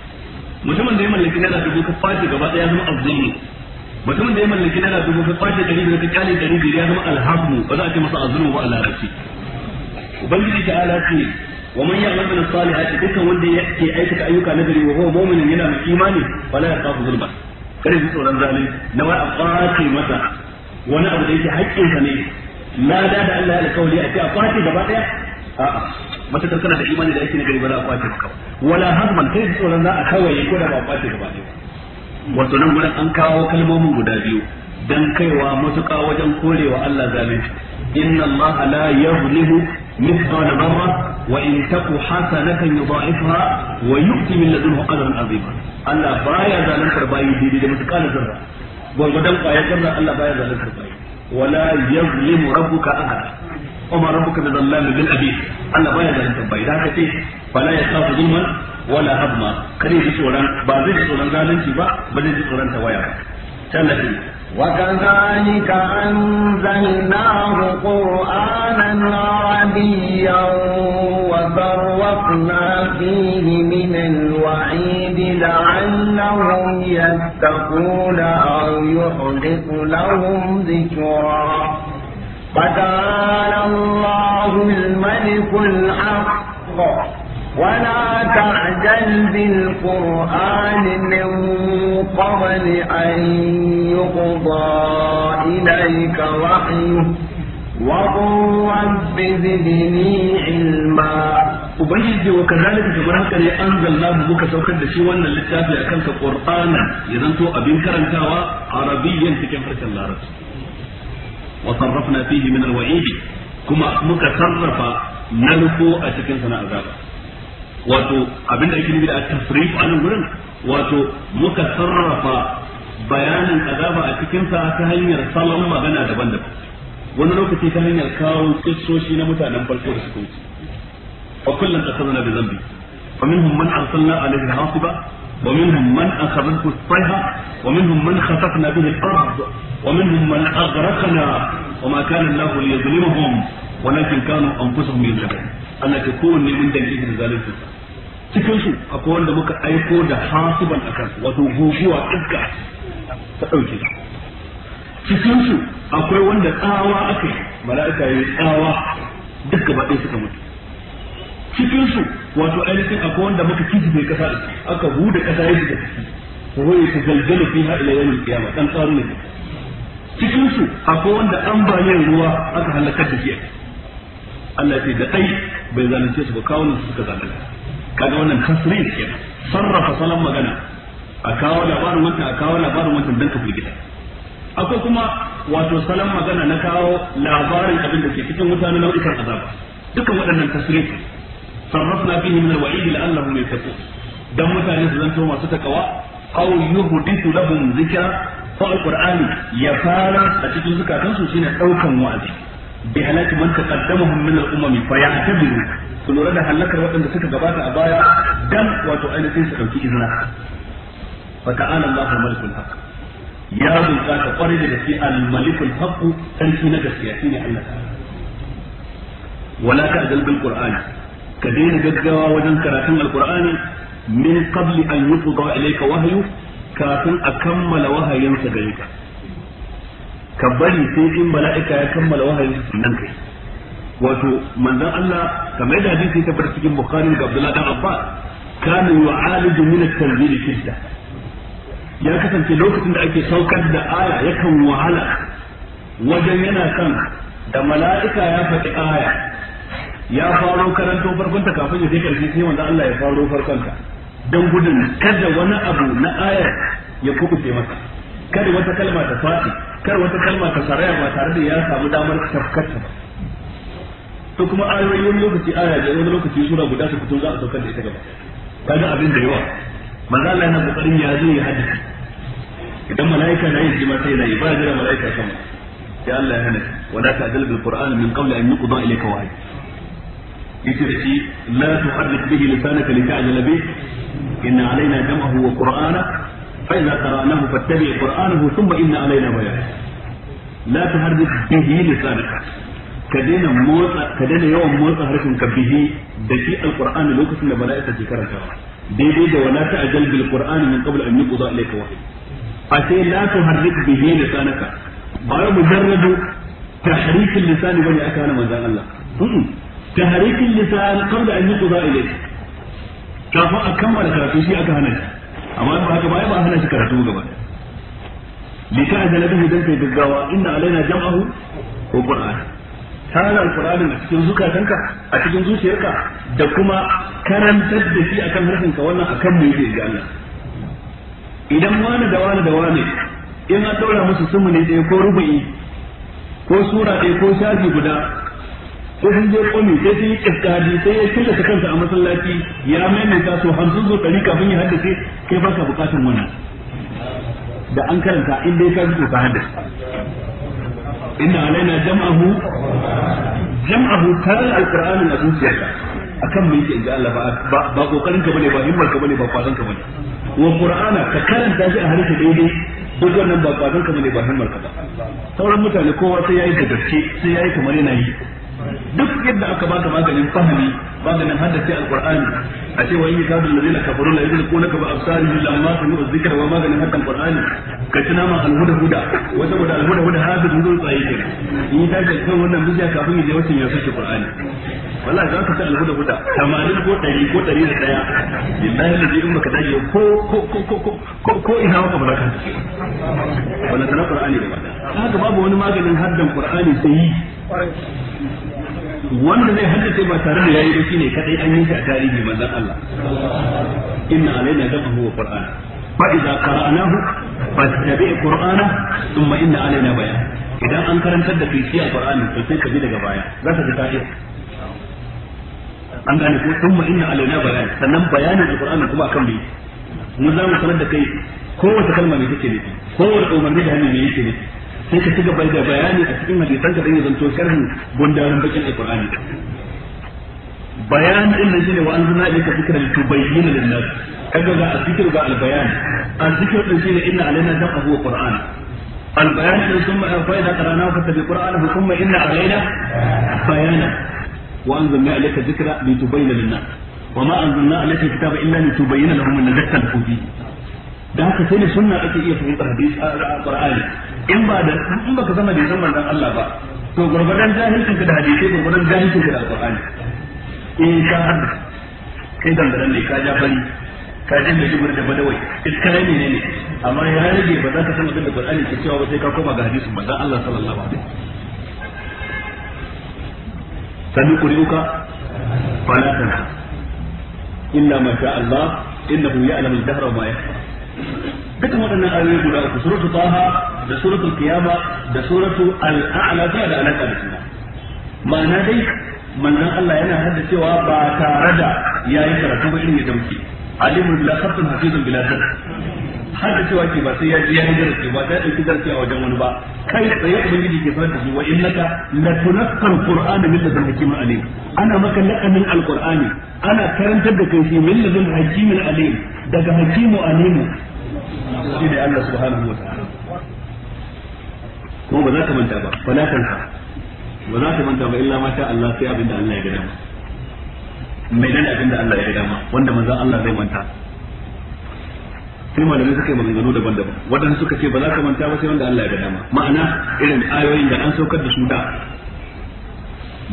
mutumin da ya mallaki naira dubu ka kwace gaba daya zama az-zulmu mutumin da ya mallaki dala dubu ka kwace dari da ka kyale dari biyar ya zama alhamu ba za a ce masa azuru ba a larabci ubangiji ta ala ce wa man ya'mal min salihati dukkan wanda yake aikata ayyuka na gari wa huwa mu'minun yana mai imani fala yaqafu zulma kare ji tsoron zalim na wa aqati masa wani abu da yake haƙƙin sa ne lada da Allah ya alƙawari a ce a kwace gaba daya a'a matakar kana da imani da yake na gari ba za a kwace maka wala hazman kai tsoron za a kawai ko da ba a kwace gaba daya wato nan gurin an kawo kalmomin guda biyu dan kaiwa matuƙa wajen korewa Allah zalunci inna Allah la yuzlimu mithqala dharra wa in taku hasanatan yudha'ifha wa yu'ti min ladunhu ajran 'azima Allah baya zaluntar bayi daidai da matuƙa zarra gwargwadon kwayar zarra Allah baya zaluntar bayi wala yuzlimu rabbuka ahada وما ربك بظلام للعبيد الله بايا ذلك بايا ذلك فلا يخاف ظلما wala hamma kare ji tsoron ba zai ji tsoron zalunci ba ba zai ji tsoron tawaya ba tallafi وكذلك أنزلناه قرآنا عربيا وفرقنا فيه من الوعيد لعلهم يتقون أو يحدث لهم ذكرا فتعالى الله الملك الحق ولا تعجل بالقرآن من قبل أن يقضى إليك وحيه وقل رب زدني علما ubangiji wa kazalika kamar haka ne anzalna mu muka saukar da shi wannan littafi akan ka qur'ana ya zanto abin karantawa arabiyyan cikin harshen larabci wa sarrafna fihi min alwa'id kuma muka sarrafa nalko a cikin sana'a azaba wato abinda ake nufi da at-tasrif a nan gurin wato muka sarrafa bayanin azaba a cikin sa ta hanyar salon magana daban-daban wani lokaci ta hanyar kawo kissoshi na mutanen farko da suka wuce fa kullun akhadna bi dhanbi fa minhum man arsalna alayhi hasiba wa minhum man akhadhathu sayha wa minhum man khatafna bihi al-ard wa minhum man aghraqna wa ma kana Allahu liyadhlimahum walakin kanu anfusuhum yadhlimun Allah ta kowanne mun dangi da zalunci cikin su akwai wanda muka aiko da a akan wato guguwa iska ta dauke su cikin su akwai wanda tsawa aka yi mala'ika yi tsawa duk gaba ɗaya suka mutu cikin su wato ainihin akwai wanda muka kijibe kasa aka bude kasa yadda da wai wa ya tajaljalu fiha ila yawmil qiyamah dan tsaro ne cikin su akwai wanda an bayan ruwa aka halakar da shi Allah ce da kai bai zalunce su ba kawo su suka zalunta kaga wannan tasrif kenan sarrafa salon magana a kawo labarin wancan a kawo labarin wancan dan ka firgita akwai kuma wato salon magana na kawo labarin abin da ke cikin mutane nau'ikan azaba dukkan waɗannan tasrif sarrafna fihi min alwa'id la'allahum yattaqun dan mutane su zanto masu takawa aw yuhdithu lahum dhikra ko alqur'ani ya fara a cikin zukatansu shine daukan wa'azi بهلاك من تقدمهم من الامم فيعتذروا سنرى لها لك الوقت ان تسكت بابات ابايا دم وتؤين سيسا في اذنها فتعالى الله الملك الحق يا من كان تقرد لكي الملك الحق تنسي نجس يحيني على ولا تأذل بالقرآن كدين جدوا وجن كراتين القرآن من قبل ان يفضى اليك وهي كافن اكمل وهي ينسى بيكا ka bari sai in mala'ika ya kammala wahayin nan kai wato manzon Allah kamar da hadisi ta bar cikin Bukhari ga Abdullah dan Abbas kana yu'alidu min at-tanzil shidda ya kasance lokacin da ake saukar da aya yakan wahala wajen yana kan da mala'ika ya faɗi aya ya faro karanto ta kafin ya je karshe sai manzon Allah ya faro farkonta dan gudun kada wani abu na aya ya kubuce masa kada wata kalma ta fadi kar wata kalma ta saraya ba tare da ya samu damar tafkata ba to kuma ayoyi wani lokaci aya da wani lokaci sura guda ta fito za a saukar da ita gaba kaga abin da yawa manzo Allah yana kokarin ya zo ya hadisi idan malaika na yin jima sai na yi ba jira malaika sama Ya Allah ya hana wala ta bil qur'an min qawli an yuqda ilayka wahy yace da shi la tuhaddith bihi lisanaka li ta'jala bihi inna alaina jam'ahu wa qur'ana فإذا قرأناه فاتبع قرآنه ثم إن علينا بيانه لا تحرك به لسانك ka daina motsa ka daina yawan motsa harshen ka bihi da shi alqur'ani lokacin da mala'ika ke karantawa daidai da wala ta ajal bil qur'ani min qabl an yuqda ilayka wahyi fa sai la tuharrik bihi lisanaka ba wai mujarradu tahrik lisan bane aka hana manzon Allah a kammala karatu shi aka hana shi amma ba haka ba ai ba hana shi karatu gaba da. bi ka ajala bihi dan kai gaggawa inna alaina jam'ahu wa qur'an tana alqur'anin a cikin zukatanka a cikin zuciyarka da kuma karantar da shi akan harfinka wannan akan mu yake ga Allah idan wani da wani da wani in an daura musu sumu ɗaya ko rubu'i ko sura ɗaya ko shafi guda sai sun je kwami sai sun yi kaskadi sai ya ta kansa a masallaci ya maimaita su hanzu zo ɗari kafin ya haddace kai ba ka bukatan wannan da an karanta in dai ka fito ka haddace inna alaina jam'ahu jam'ahu karar alqur'anin a zuciyarka akan mai yake inda Allah ba ba kokarin ka bane ba himmar ka bane ba kwazon ka bane wa qur'ana ka karanta shi a harshe daidai duk wannan ba kwazon ka bane ba himmar ka ba sauran mutane kowa sai yayi da gaske sai yayi kamar yana yi duk yadda aka baka maganin fahimi maganin haddace alqur'ani a ce wani kabu ladina kafaru la yuzquna ka bi absarihim lamma sami'u zikra wa maganin haddan qur'ani ka tuna ma alhuda huda wata wada alhuda huda hadu hudu tsaye kenan ta ce kan wannan bishiya kafin ya wuce ya saki qur'ani wallahi za ka ta alhuda huda 80 ko dari ko 101 billahi ladhi in ka dage ko ko ko ko ko ko ina maka baraka wannan qur'ani da haka babu wani maganin haddan qur'ani sai wanda zai haddace ba tare da yayi ba shine kadai an yi shi a tarihi manzon Allah inna alaina dafahu wa qur'ana fa idza qara'nahu fattabi' qur'ana thumma inna alaina bayan idan an karantar da kai shi alqur'ani to sai ka bi daga baya za ka ga tarihi an gane ko thumma inna alaina bayan sannan bayanin alqur'ani kuma akan bi mu za mu sanar da kai kowace kalma ne take ne kowace umarni da hannu ne yake ne sai ka ci gaba da bayani a cikin hadisan ka dan ya zanto sharhin gundarin bakin alqur'ani bayan din nan shine wa anzalna ilayka dhikra litubayyana lin-nas kaga a azikr ga al-bayan azikr din shine inna alaina dafa'u qur'an al-bayan din thumma fa'ida qara'na fa tabi qur'anahu thumma inna alaina bayana wa anzalna ilayka dhikra litubayyana lin-nas وما أنزلنا عليك الكتاب إلا لتبين لهم الذي اختلفوا فيه da haka sai da sunna ake iya fahimtar hadisi a Qur'ani in ba da in baka da zaman dan Allah ba to gurbadan jahilcin ka da hadisi gurbadan jahilcin ka da Qur'ani in ka hada kai dangaren ne ka ja bari ka je da dubar da badawai iskare ne ne amma ya rage ba za ka san abin da Qur'ani ke cewa ba sai ka koma ga hadisin manzon Allah sallallahu alaihi wasallam sanu kuri'uka fala tanha illa ma sha Allah innahu ya'lamu al-dahra wa ma yakhfa dukkan waɗannan ayoyi guda uku suratu taha da suratu qiyama da suratu al-a'la ta da alaka da suna ma'ana dai manzon Allah yana hada cewa ba tare da yayi karatu ba irin yadda muke alimul bila khatun hafizun bila dhab hada cewa ke ba sai ya ji ya darasi ba da dauki darasi a wajen wani ba kai tsaye ubangiji ke fara da shi wa innaka latunakkal qur'ana min ladun hakimin alim ana maka al alqur'ani ana karantar da kai shi min ladun hakimin alim daga hakimu alimu shi ne Allah subhanahu wa ta'ala kuma ba za ka manta ba fa la tanha ba za ka manta ba illa ma sha Allah sai abinda Allah ya ga dama mai dan abinda Allah ya ga dama wanda manzon Allah zai manta sai malamai suka yi maganganu daban-daban waɗanda suka ce ba za ka manta ba sai wanda Allah ya ga dama ma'ana irin ayoyin da an saukar da su da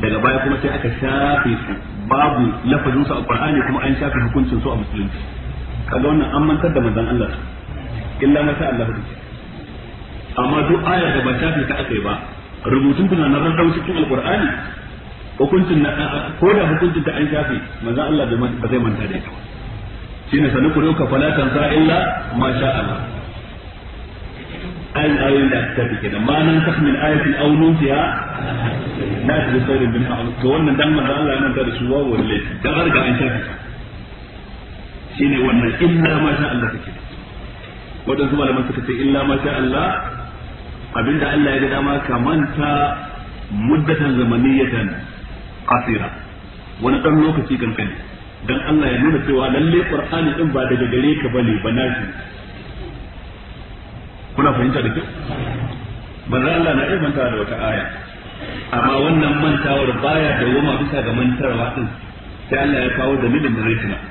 daga baya kuma sai aka shafe su babu lafazin su a Qur'ani kuma an shafe hukuncin su a musulunci kaga wannan an mantar da manzon Allah illa ma sha Allah ba amma duk ayar da ba shafe ta aka yi ba rubutun tana na ran cikin alqur'ani hukuncin na ko da hukuncin ta an shafe manzo Allah ba zai manta da ita shine sanin ku ka fala tansa illa ma sha Allah ayin ayoyin da aka tafi kenan ma nan sak min ayatin aw nusiya na ta da saurin bin abu to wannan dan manzo Allah ya manta da su wawo lalle da barka an shafe shine wannan illa ma sha Allah take waɗansu malaman suka ce illa ma sha Allah abinda Allah ya ga dama ka manta muddatan zamaniyatan qasira wani dan lokaci kankani dan Allah ya nuna cewa lalle Qur'ani din ba daga gare ka bane ba nashi kuna fahimta da kyau manzo Allah na manta da wata aya amma wannan mantawar baya da goma bisa ga mantarwa din sai Allah ya kawo dalilin da zai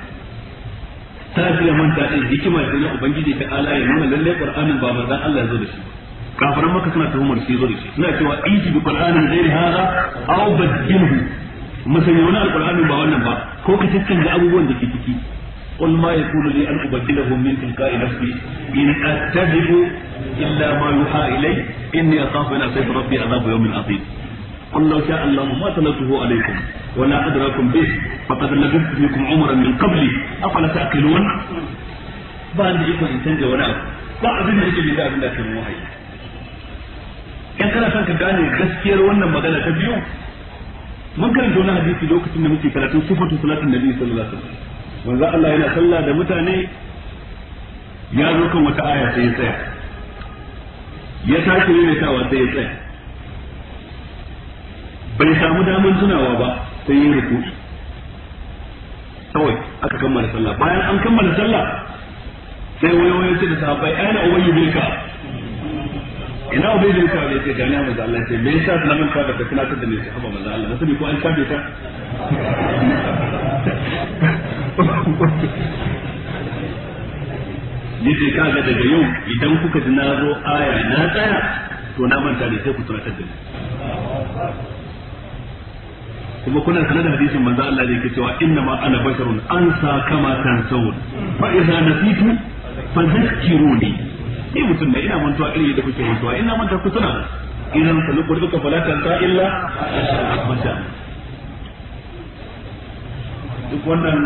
ta ji ya manta din hikima ce na ubangiji ta ala ya nuna lalle qur'anin ba manzon Allah ya zo da shi kafiran maka suna tuhumar shi zo da shi suna cewa in ji bi qur'anin zai hada aw badilhu musanya wani alqur'anin ba wannan ba ko ka da abubuwan da ke ciki قل ما يكون لي أن أبدله من تلقاء نفسي إن أتبع إلا ما يوحى إلي إني أخاف أن أصيب ربي عذاب يوم عظيم قل لو شاء الله ما تلته عليكم ولا أدراكم به فقد لبثت فيكم عمرا من قبلي أفلا تعقلون بعد إيكم إنسان ولا بعد ذلك اللي ذا بالله كان وحي كان كان فانك قاني غسير وانا مدالة تبيو من كان جونا حديثي لو كتن نمتي كلاتين صفة صلاة النبي صلى الله عليه وسلم وانزا الله إلى صلى ده متاني يا ذوكم وتآية سيسيح يتاكي ليلة وتآية سيسيح bai samu damar tunawa ba sai yin ruku'i kawai aka kammala sallah bayan an kammala sallah sai wani ce da sahabbai na ubayi bilka ina ubayi bilka ne ce gani manzo Allah ce me yasa na ka da kana ta da ne haba manzo Allah sai ko an kabe ta Ni ka ga daga yau idan kuka ji na zo aya na tsaya to na manta ne sai ku tunatar da ni kuma kuna sanar da hadisin manzo Allah da yake cewa inna ma ana basharun ansa kama tansawun fa idza nasitu fadhakkiruni ni mutum ne ina mantuwa irin yadda kuke mantuwa ina manta ku tuna idan ka lukur duka kan ta illa masha duk wannan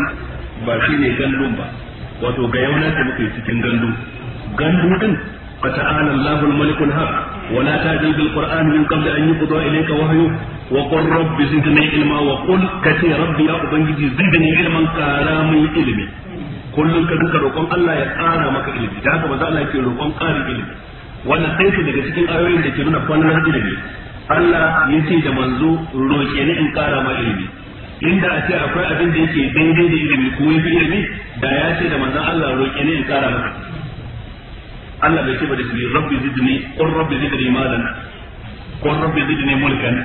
ba shi ne gandun ba wato ga yauna ce muke cikin gandu gandu din fata'ala Allahul malikul haq wala tajil bil qur'an min qabl an yuqda ilayka wahyu وقل رب زدني علما وقل كتي ربي يا أبنجي زدني علما mun علمي kullum ka duka roƙon Allah ya ƙara maka ilimi da haka ba za Allah yake roƙon ƙari ilimi wannan sai daga cikin ayoyin da ke nuna kwanan ilimi Allah ya ce da manzo roƙe ni in ƙara ma ilimi inda a ce akwai abin da yake daidai da ilimi ko yafi ilimi da ya ce da manzon Allah roƙe ni in ƙara maka Allah bai ce ba da shi rabbi zidni qur rabbi zidni malan qur rabbi zidni mulkan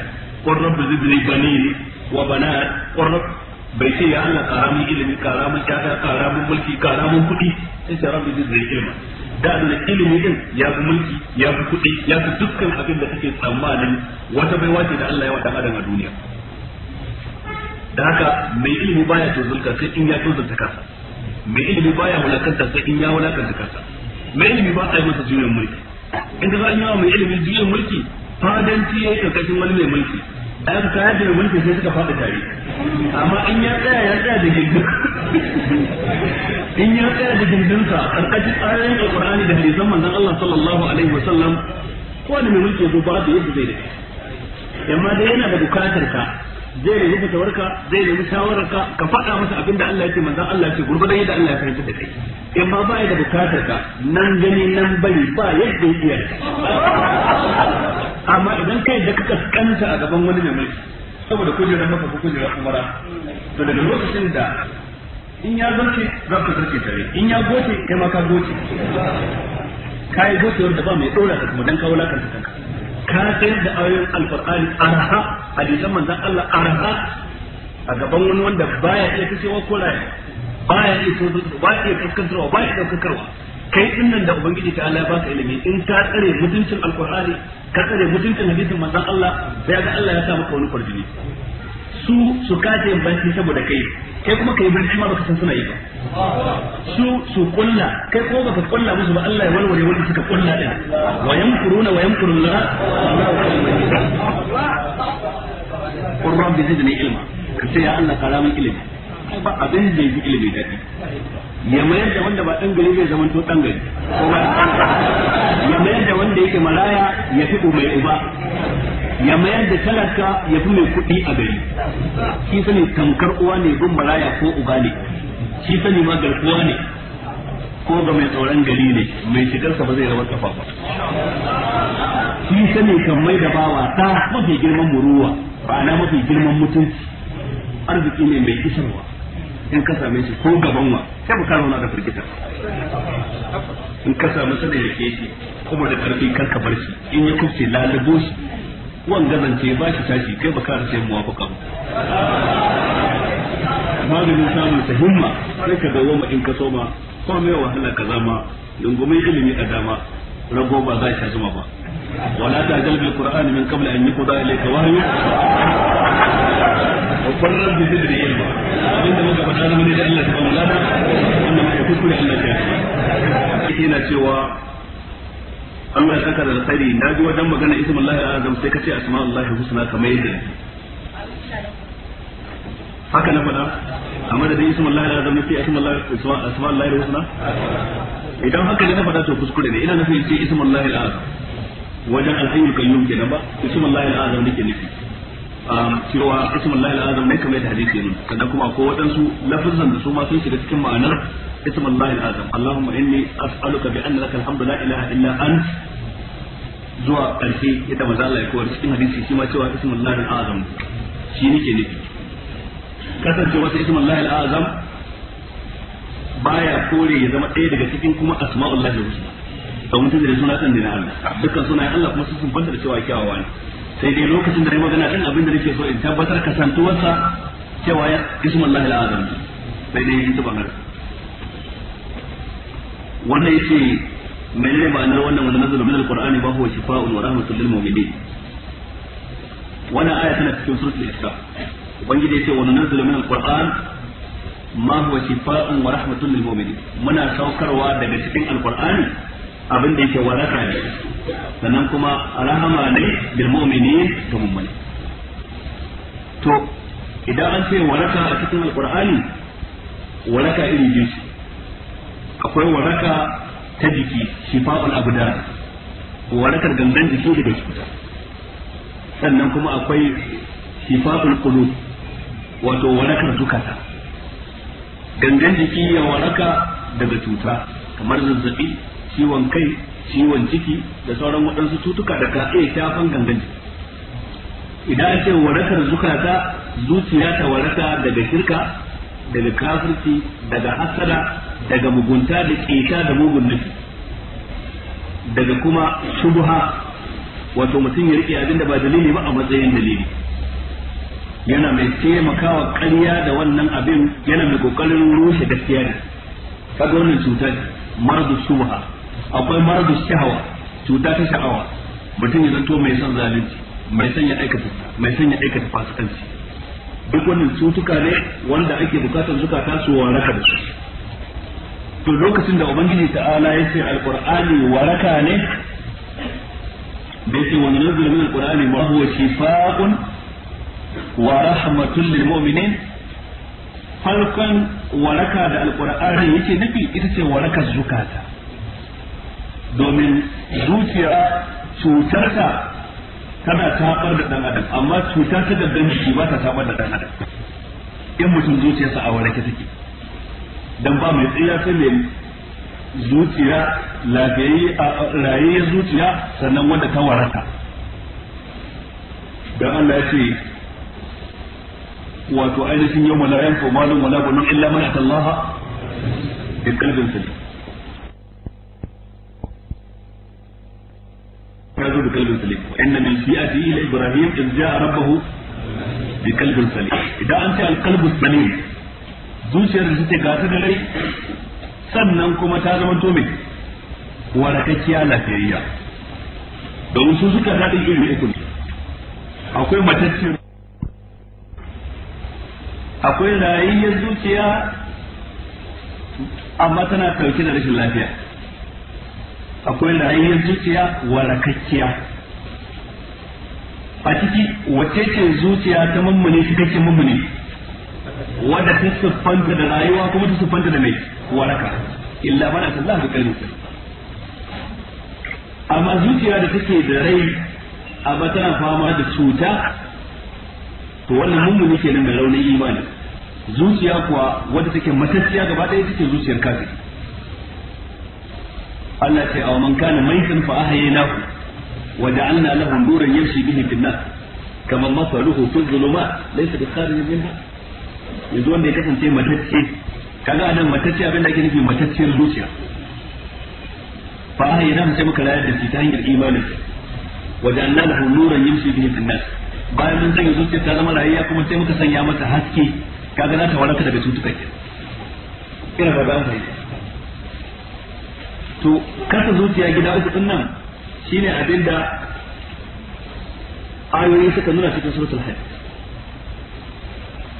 qur rabbi zidni banin wa banat qur bai ce ya Allah kara mun ilimi kara mun kyata kara mun mulki kara mun kuɗi sai ce rabbi da da ilimi din ya fi mulki ya fi kuɗi ya fi dukkan abin da kake tsammanin wata baiwa ce da Allah ya wata adam a duniya da haka mai ilimi baya tozulka sai in ya tozulta kasa mai ilimi baya wulakanta sai in ya wulakanta kasa mai ilimi ba a yi masa juyin mulki in ka za a yi wa mai ilimi juyin mulki fadanci yi ƙarƙashin wani mai mulki an ka yadda mai mulki sai suka fada tare amma in ya tsaya ya tsaya da gindin in ya tsaya da sa, ƙarƙashin ayoyin Alƙur'ani da hadisan manzon Allah sallallahu alaihi wasallam ko wani mai mulki zo ba da yadda zai da amma dai yana da bukatar ka zai nemi tawarka zai nemi shawararka ka faɗa masa abin da Allah yake ce manzon Allah yake gurbada yadda Allah ya fahimta da kai in ba ba ya da bukatar ka nan gani nan bari ba yadda ya iya amma idan kai da ka kanta a gaban wani mai mulki saboda kujerar maka ko kujerar umara to daga lokacin da in ya zarce za ka zarce tare in ya goce kai ma ka goce kai gocewar da ba mai dora ka kuma dan kawo lakar kanka ka sayar da ayoyin alfarƙari araha hadisan manzon Allah araha a gaban wani wanda baya iya kashewa ko laye baya iya iya fuskantarwa iya daukakarwa kai din nan da ubangiji ta Allah ya baka ilimi in ka tsare mutuncin alkur'ani ka tsare mutuncin hadisin manzon Allah sai ga Allah ya sa maka wani kwarjini su su kace yin barci saboda kai kai kuma kai barci ma baka san suna yi ba su su kulla kai ko baka kulla musu ba Allah ya walware wanda suka kulla din wa yamkuruna wa yamkuru Allah qur rabbi zidni ilma kace ya Allah kara min ilimi ba abin da yake ilimi da dadi ya mayar da wanda ba dan gari bai zama to dan gari ko ba ya mayar da wanda yake malaya ya fi mai uba ya mayar da talaka ya fi mai kuɗi a gari shi sani tamkar uwa ne gun maraya ko uba ne shi sani ma garkuwa ne ko ga mai tsoron gari ne mai shigarsa ba zai rawar kafa ba shi sani kan mai da bawa ta mafi girman muruwa ba na mafi girman mutunci arziki ne mai kisarwa in ka same shi ko gaban wa sai mu karo na da firgita in ka same shi da yake shi kuma da karfi kar ka bar shi in ya kufce lalabo shi wanga zance ba shi tashi kai kara rasa yin muwafaka maganin samun ta himma sai ka dawo ma in ka so ma ko mai wahala ka zama dungumin ilimi a dama rago ba za ka zuma ba wala ta jalbi alquran min qabl an yuqda ilayka wahyu wa farran bi sidri ilma abinda muka faɗa na mun da Allah ta ba mu lada wannan mai kuskure cewa Allah ya saka da alkhairi na ji wajen magana ismin Allah ya azam sai kace Allah husna kamar yadda haka na faɗa a madadin ismullahi azam ne sai asma Allah asma'ullahi husna idan haka ne na faɗa to kuskure ne ina nufin sai ismin Allah ismullahi azam wajen alhayyul qayyum kenan ba ismin Allah ismullahi azam nake nufi cewa ismin Allah ismullahi azam ne kamar yadda hadisi ne sannan kuma akwai waɗansu lafazan da su ma sun shiga cikin ma'anar اسم الله الأعظم اللهم إني أسألك بأن لك الحمد لا إله إلا أنت zuwa ƙarshe yadda maza Allah cikin hadisi shi cewa ismin azam shi nake nufi kasance wata ismin azam baya kore ya zama ɗaya daga cikin kuma asma'ul lahil husna domin tun da suna san da Allah dukkan suna ya Allah kuma su sun banta da cewa kyawawa ne sai dai lokacin da na magana kan abin da nake so in tabbatar kasantuwarsa cewa ya lahil azam sai dai yin tuban wannan yace menene ma'anar wannan wannan nazarin min alqur'ani ba huwa shifaa'un wa rahmatun lil mu'minin wannan aya tana cikin suratul isra ubangiji yace wa nunzilu min alqur'an ma huwa shifaa'un wa rahmatun lil mu'minin muna saukarwa daga cikin alqur'ani abin da yake waraka ne sannan kuma rahama ne bil mu'minin ga mu'mini to idan an ce waraka a cikin alqur'ani waraka irin biyu akwai waraka ta jiki shifa'ul abdan warakar gangan jiki daga cuta sannan kuma akwai shifa'ul qulub wato warakar dukata gangan jiki ya waraka daga cuta kamar zazzabi ciwon kai ciwon ciki da sauran waɗansu cutuka da ka iya shafan gangan jiki idan ce warakar zukata zuciya ta waraka daga shirka daga kafirci daga hasada daga mugunta da ƙeta da mugun nufi daga kuma shubuha wato mutum ya rike abinda ba dalili ba a matsayin dalili yana mai taimakawa ƙarya da wannan abin yana mai kokarin rushe gaskiya ne kaga wannan cuta ne maradu shubuha, akwai maradu shahawa cuta ta sha'awa mutum ya zanto mai son zalunci mai sanya aikata mai son aikata fasikanci duk wannan cutuka ne wanda ake bukatar zukata su waraka da su to lokacin da ubangiji ta'ala ya ce alqur'ani waraka ne da ce wani nazar min alqur'ani ma huwa shifaa'un wa rahmatul lil mu'minin farkon waraka da alqur'ani yake nufi ita ce warakar zukata domin zuciya cutarta tana tabar da dan adam amma cuta ta gaban jiki ba ta tabar da dan adam in mutum zuciyarsa a warake take dan ba mai tsira sai mai zuciya a rayayyar zuciya sannan wanda ta warata dan Allah ya ce wato ainihin yau la yanfa malun wala bunun illa man atallaha bi qalbin salim كانوا بقلب سليم وإن Ibrahim فئته لإبراهيم إذ جاء ربه بقلب سليم إذا أنت القلب السليم zuciyar da take gata da rai sannan kuma ta zama to mai warakakkiya lafiyayya Don su suka daɗin iri uku ne akwai matacciyar akwai rayayyar zuciya amma tana ɗauke da rashin lafiya akwai rayayyar zuciya warakakkiya a ciki wacce ce zuciya ta mummune cikakken mummune ta siffanta da rayuwa kuma ta siffanta da mai waraka illa bana da Allah da kalmi amma zuciya da take da rai amma tana fama da cuta to wannan mummuni nan da raunin imani zuciya kuwa wadda take matacciya gaba ɗaya take zuciyar kafiri Allah ce a man kana maitan fa ahyaynahu wa ja'alna lahu nuran yamshi bihi fil nas kama masaluhu fi dhulumat laysa bi kharij minha yanzu wanda ya kasance matacce kaga anan matacce abin da ake nufi matacciyar zuciya fa yana sai muka rayar da shi ta hanyar imanin wa ja'alna lahu nuran yamshi bihi fil nas bayan mun sanya zuciya ta zama rayuwa kuma sai muka sanya mata haske kaga za ta waraka daga cutukan ina ba an fahimta to kasa zuciya gida uku din nan shine abinda ayoyi suka nuna cikin suratul hajj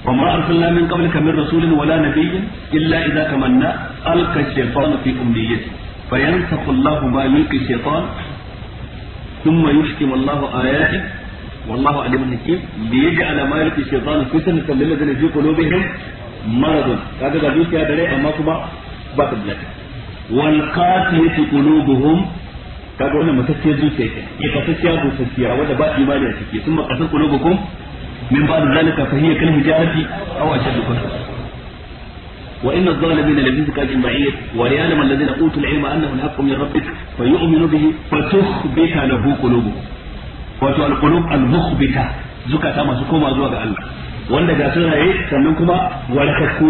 wa ma arsalna min qablika min rasulin wala nabiyyin illa idza tamanna alqa shaytanu fi umniyyati fayansakhu Allahu ma yulqi shaytan thumma yuhkimu Allahu والله عليم حكيم ليجعل ما يلقي الشيطان فتنة للذين في قلوبهم مرض هذا ذا دوسيا دري اما كما باطل لك والقاسية قلوبهم kaga wannan matacciyar zuciya ke ya fasasciya zuciya wanda ba imani a ciki sun min ba'd zalika fa hiya kal hijarati aw ashad kufra wa inna adh-dhalimina lafi shikakin ba'id wa ya'lamu alladhina utul ilma annahu al-haqqu min rabbik fa yu'minu bihi fa tukhbita lahu qulubuhum wato al-qulub al-mukhbita zukata masu koma zuwa ga Allah wanda sannan kuma warakakku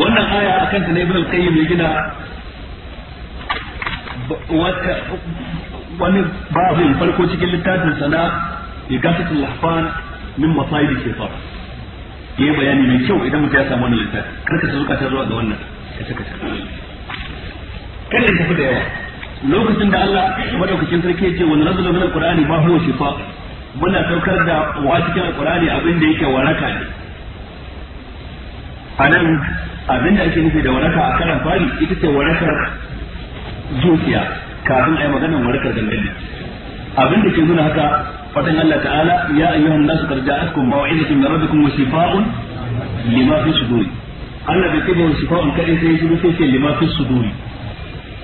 wannan aya a kanta ne ibn al-qayyim ya gina wani babin farko cikin littafin sana'a. igasatul lahfan min masayid shaytan yayi bayani mai kyau idan mutum ya samu wannan littafi kar ka zuka ta zuwa ga wannan kace kace kada ka tafi da yawa lokacin da Allah madaukakin sarki ya ce wa nazzala min alqur'ani ma huwa shifa muna saukar da wa cikin abinda abin da waraka ne anan abin da ake nufi da waraka a karan fari ita ce warakar zuciya kafin a yi maganar warakar dangane Abinda ke nuna haka fatan Allah ta'ala ya ayyuhan nasu qad ja'atkum maw'idatun min rabbikum wa shifaa'un lima fi suduri Allah bai kai wa shifa'un kadai sai shiru sai ce limafin fi suduri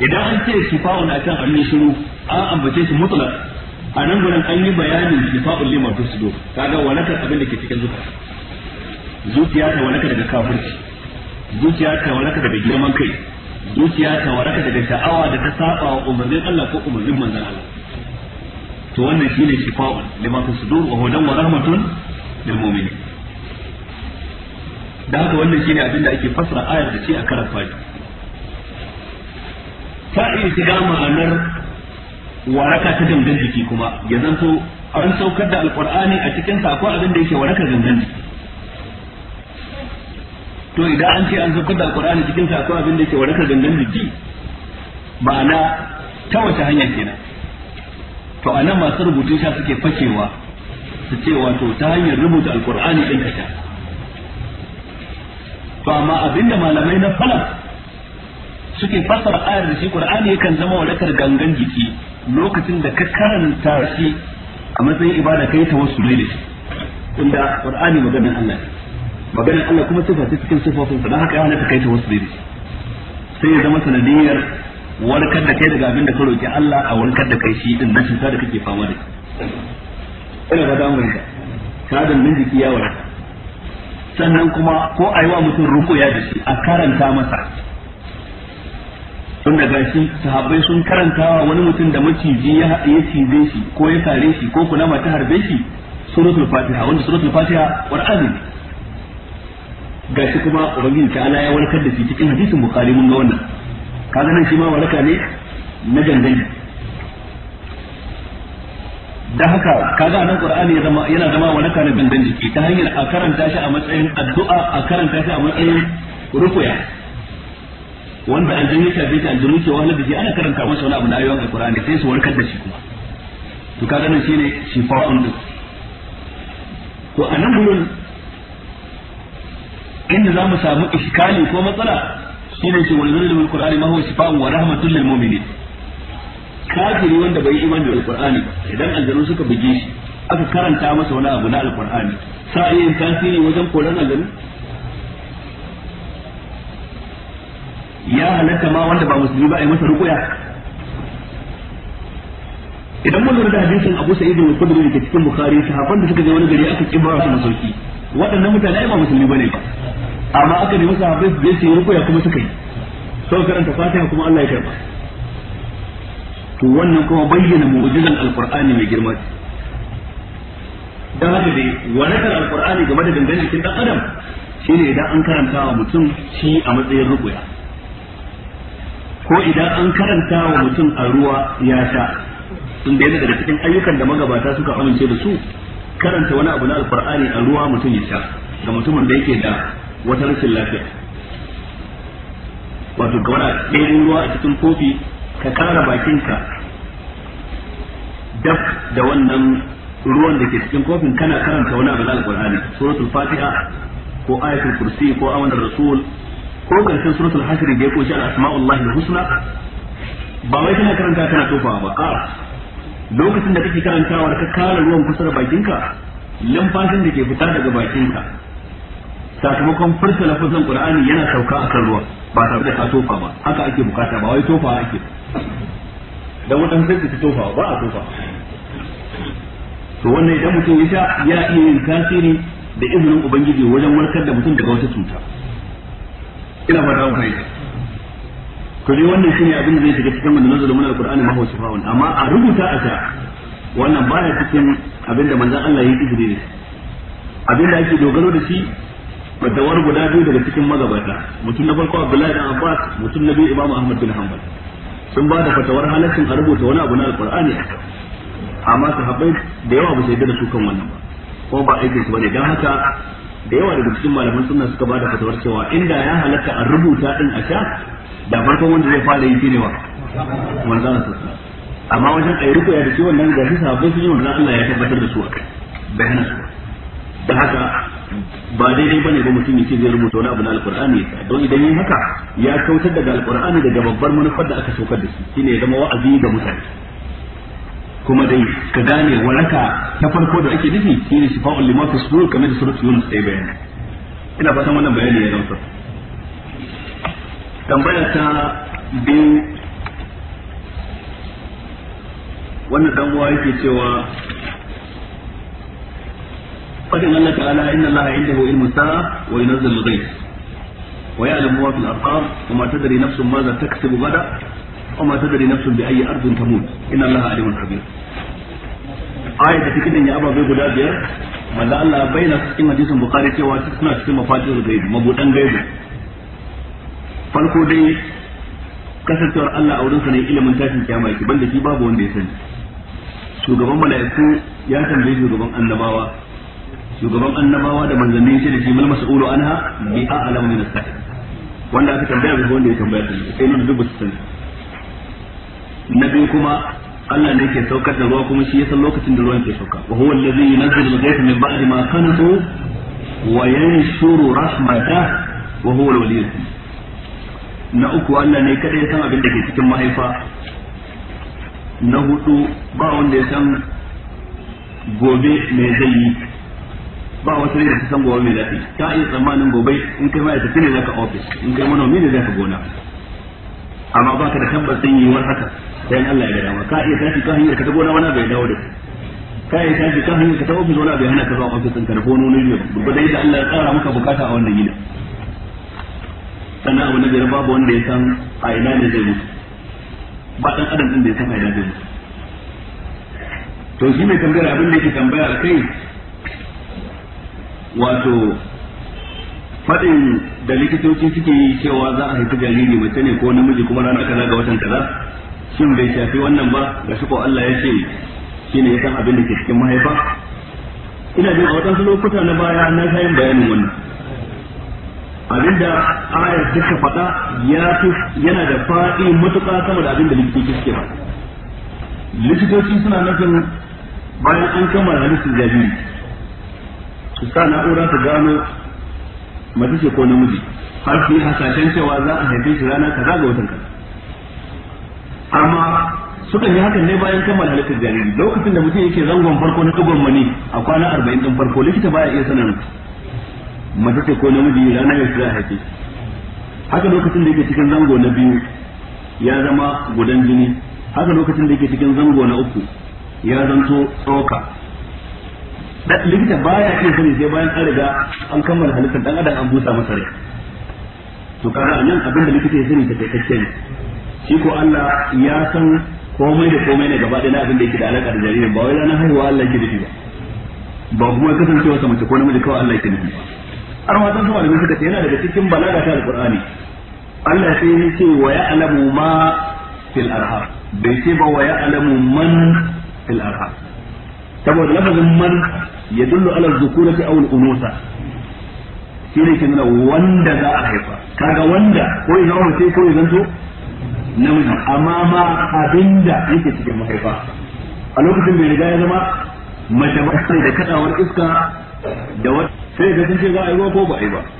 idan an ce shifa'un a kan an yi shiru an ambace shi mutlaq a nan gudan an yi bayanin shifa'un lima fi suduri kaga walakar abin da ke cikin zuciya zuciya ta walaka daga kafirci zuciya ta walaka daga girman kai zuciya ta waraka daga sha'awa da ta saba wa umarnin Allah ko umarnin manzon Allah to wannan shine shifa'un lima fi sudur wa hudan wa rahmatun lil mu'minin da haka wannan shine abin da ake fasara ayar da ce a karan fadi ta iya shiga ma'anar waraka ta gangan jiki kuma ya zanto an saukar da alqur'ani a cikin sa akwai abin da yake waraka gangan jiki to idan an ce an saukar da alqur'ani cikin sa akwai abin da yake waraka gangan jiki ma'ana ta wace hanya kenan to anan masu rubutun sha suke fakewa su ce wato ta hanyar rubuta alkur'ani din kasha to amma abinda malamai na falak suke fassara ayar da shi qur'ani yakan zama wadakar gangan jiki lokacin da ka karanta shi a matsayin ibada kai ta wasu ne shi inda qur'ani maganar Allah maganar Allah kuma sifa ta cikin sifofin sa dan haka ya ta kai ta wasu ne shi sai ya zama sanadiyar warkar da kai daga abin da ka roki Allah a warkar da kai shi din na cuta da kake fama da shi ina ba damu da kadan nan jiki ya wara. sannan kuma ko a yi wa mutum rukuya da shi a karanta masa tun da gashi sahabbai sun karanta wa wani mutum da maciji ya ya cize shi ko ya sare shi ko kunama ta harbe shi suratul fatiha wanda suratul fatiha qur'ani ne gashi kuma ubangiji ta ala ya warkar da shi cikin hadisin bukhari mun ga wannan kaga nan shi ma waraka ne na gangan da haka kaga nan qur'ani ya zama yana zama waraka na gangan jiki ta hanyar a karanta shi a matsayin addu'a a karanta shi a matsayin rukuya wanda an ya shafe shi aljin ke wahalar da shi ana karanta masa wani abu na ayoyin alqur'ani sai su warkar da shi kuma to kaga nan shine shifa'un din to a nan gurin inda za mu samu iskali ko matsala shine shi wal nuzul qur'ani ma huwa shifaa'un wa rahmatun lil mu'minin kafiri wanda bai imani da qur'ani idan aljanu suka buge shi aka karanta masa wani abu na alqur'ani sai yin tasiri wajen koran aljanu ya halatta ma wanda ba musulmi ba a yi masa rukuya idan mun lura da hadisin Abu Sa'id al-Khudri da ke cikin Bukhari sahabban da suka je wani gari aka kibara su masauki waɗannan mutane ba musulmi bane ba amma aka nemi sahabbai su je su yi rukuya kuma suka yi sau karanta fatiha kuma Allah ya karba to wannan kuma bayyana mu'jizan alqur'ani mai girma dan haka dai wannan alqur'ani game da dangane cikin dan adam shine idan an karanta wa mutum shi a matsayin rukuya ko idan an karanta wa mutum a ruwa ya sha sun da daga cikin ayyukan da magabata suka amince da su karanta wani abu na alqur'ani a ruwa mutum ya sha ga mutumin da yake da wata rashin lafiya wato ga wani ɗaya ruwa a cikin kofi ka kara bakinka daf da wannan ruwan da ke cikin kofin kana karanta wani abu na alqur'ani suratul fatiha ko ayatul kursi ko awanar rasul ko karshen suratul hasr da ya koshi al-asma'ullahi husna ba wai kana karanta kana tofa ba a lokacin da kake karantawar ka kara ruwan kusa da bakinka lamfashin da ke fita daga bakinka sakamakon furta lafazin qur'ani yana sauka akan ruwa ba tare da ka tofa ba haka ake bukata ba wai tofa ake dan wadan sai ta tofa ba a tofa to wannan idan mutum ya ya iya yin tasiri da izinin ubangiji wajen warkar da mutum daga wata cuta ina fata mun fahimta to dai wannan shine abin da zai shiga cikin wannan nazarin mun alqur'ani ma huwa shifa'un amma a rubuta a ta wannan baya cikin abin da manzon Allah ya yi izini Abinda abin da ake dogaro da shi fatawar guda biyu daga cikin magabata mutum na farko Abdullahi bin Abbas mutum na biyu Imam Ahmad bin Hanbal sun ba da fatawar halaccin a rubuta wani abu na Alqur'ani amma sahabbai da yawa ba su yarda da su kan wannan ba ko ba aikin su bane dan haka da yawa daga cikin malaman sunna suka ba da fatawar cewa inda ya halatta a rubuta din a sha da farkon wanda zai fara yi shine wa manzon sallallahu amma wajen ayi ruku ya da shi wannan ga gashi sahabbai sun yi wannan Allah ya tabbatar da su akai bayanan su da haka ba daidai bane ba mutum yake zai rubuta wani abu na alqur'ani don idan yin haka ya kautar daga alqur'ani daga babbar manufar da aka saukar da shi shine ya zama wa'azi ga mutane kuma dai ka gane waraka ta farko da ake nufi shine shifa'ul lima fi sudur kamar da suratul yunus ta bayani ina fatan wannan bayani ya gamsa tambaya ta biyu wannan dan uwa yake cewa فإن الله تعالى إن الله عنده علم الساعة وينزل الغيث ويعلم ما في الأرقام وما تدري نفس ماذا تكسب غدا وما تدري نفس بأي أرض تموت إن الله عليم خبير آية تكدن يا أبا بيقول أبيا manzo Allah bayyana cewa suna cikin mafatihul gaibi mabudan gaibi farko dai kasancewar Allah a wurinsa ne ilimin tashin kiyama yake banda shi babu wanda ya sani shugaban mala'iku ya tambaye shugaban annabawa shugaban annabawa da manzannin shi da shi mal mas'ulu anha bi a'lam min as sahih wanda aka tambaya ko wanda ya tambaya shi sai ne dubu sun na biyu kuma Allah ne ke saukar da ruwa kuma shi ya san lokacin da ruwan ke sauka wa huwa allazi yunzilu al-ghaytha min ba'di ma qanatu wa yanshuru rahmatahu wa huwa al-waliyyu na uku Allah ne kada ya san abin da ke cikin mahaifa na hudu ba wanda ya san gobe mai zai yi ba wata ne ta san gobe mai zafi ka iya tsammanin gobe in kai tafi ne ka ofis in kai manomi ne ka gona amma ba ka da yi wani haka sai Allah ya dama ka iya tashi ka hanyar ka ta gona wani bai dawo da ka iya tashi ka hanyar ka ta ofis wani bai hana ka zuwa ofis ɗin ka da gono ne ba dai da Allah ya tsara maka bukata a wannan gida sannan abu na biyar babu wanda ya san a ina ne zai mutu ba ɗan adam ɗin da ya san a ina zai mutu to shi mai tambayar abin da yake tambaya a kai wato faɗin da likitoci suke yi cewa za a haifi jariri mace ne ko namiji kuma ranar kaza ga watan kaza shin bai shafi wannan ba ga shi ko Allah ya ce shine yasan abin da ke cikin mahaifa ina jin a waɗansu lokuta na baya na yin bayanin wannan abin da ayar duka faɗa ya fi yana da faɗi matuƙa sama da abin da likitoci suke ba likitoci suna nufin bayan an kammala halittar jariri su sa na'ura ta gano mace ce ko namiji har su yi hasashen cewa za a haife shi rana kaza ga watan kaza amma sukan yi hakan ne bayan kammala halittar jariri lokacin da mutum yake zangon farko na dogon mani a kwana arba'in ɗin farko likita baya iya sanar mace ce ko namiji rana ya za a haife haka lokacin da yake cikin zango na biyu ya zama gudan jini haka lokacin da yake cikin zango na uku ya zanto tsoka likita baya iya sani sai bayan an riga an kammala halittar dan adam an busa masa rai to kana nan abin da likita ya sani da taitacce ne shi ko Allah ya san komai da komai ne gaba ɗaya na abin da yake da alaka da jaririn ba wai ranar haihuwa Allah yake nufi ba ba kuma kasancewa sa mace ko namiji kawai Allah yake nufi ba har ma san da suka ce yana daga cikin balaga ta alqur'ani Allah sai ya ce wa ya'lamu ma fil arham bai ce ba wa ya'lamu man fil arham saboda lafazin man ya dullu ala zukurati aw al-unusa shi ne kin wanda za a haifa kaga wanda ko ina wanda sai ko yanzu namiji amma ma abinda yake cikin mahaifa a lokacin bai riga ya zama mace ba sai da kadawar iska da wata sai ga sun ce za a yi ba ko ba a yi ba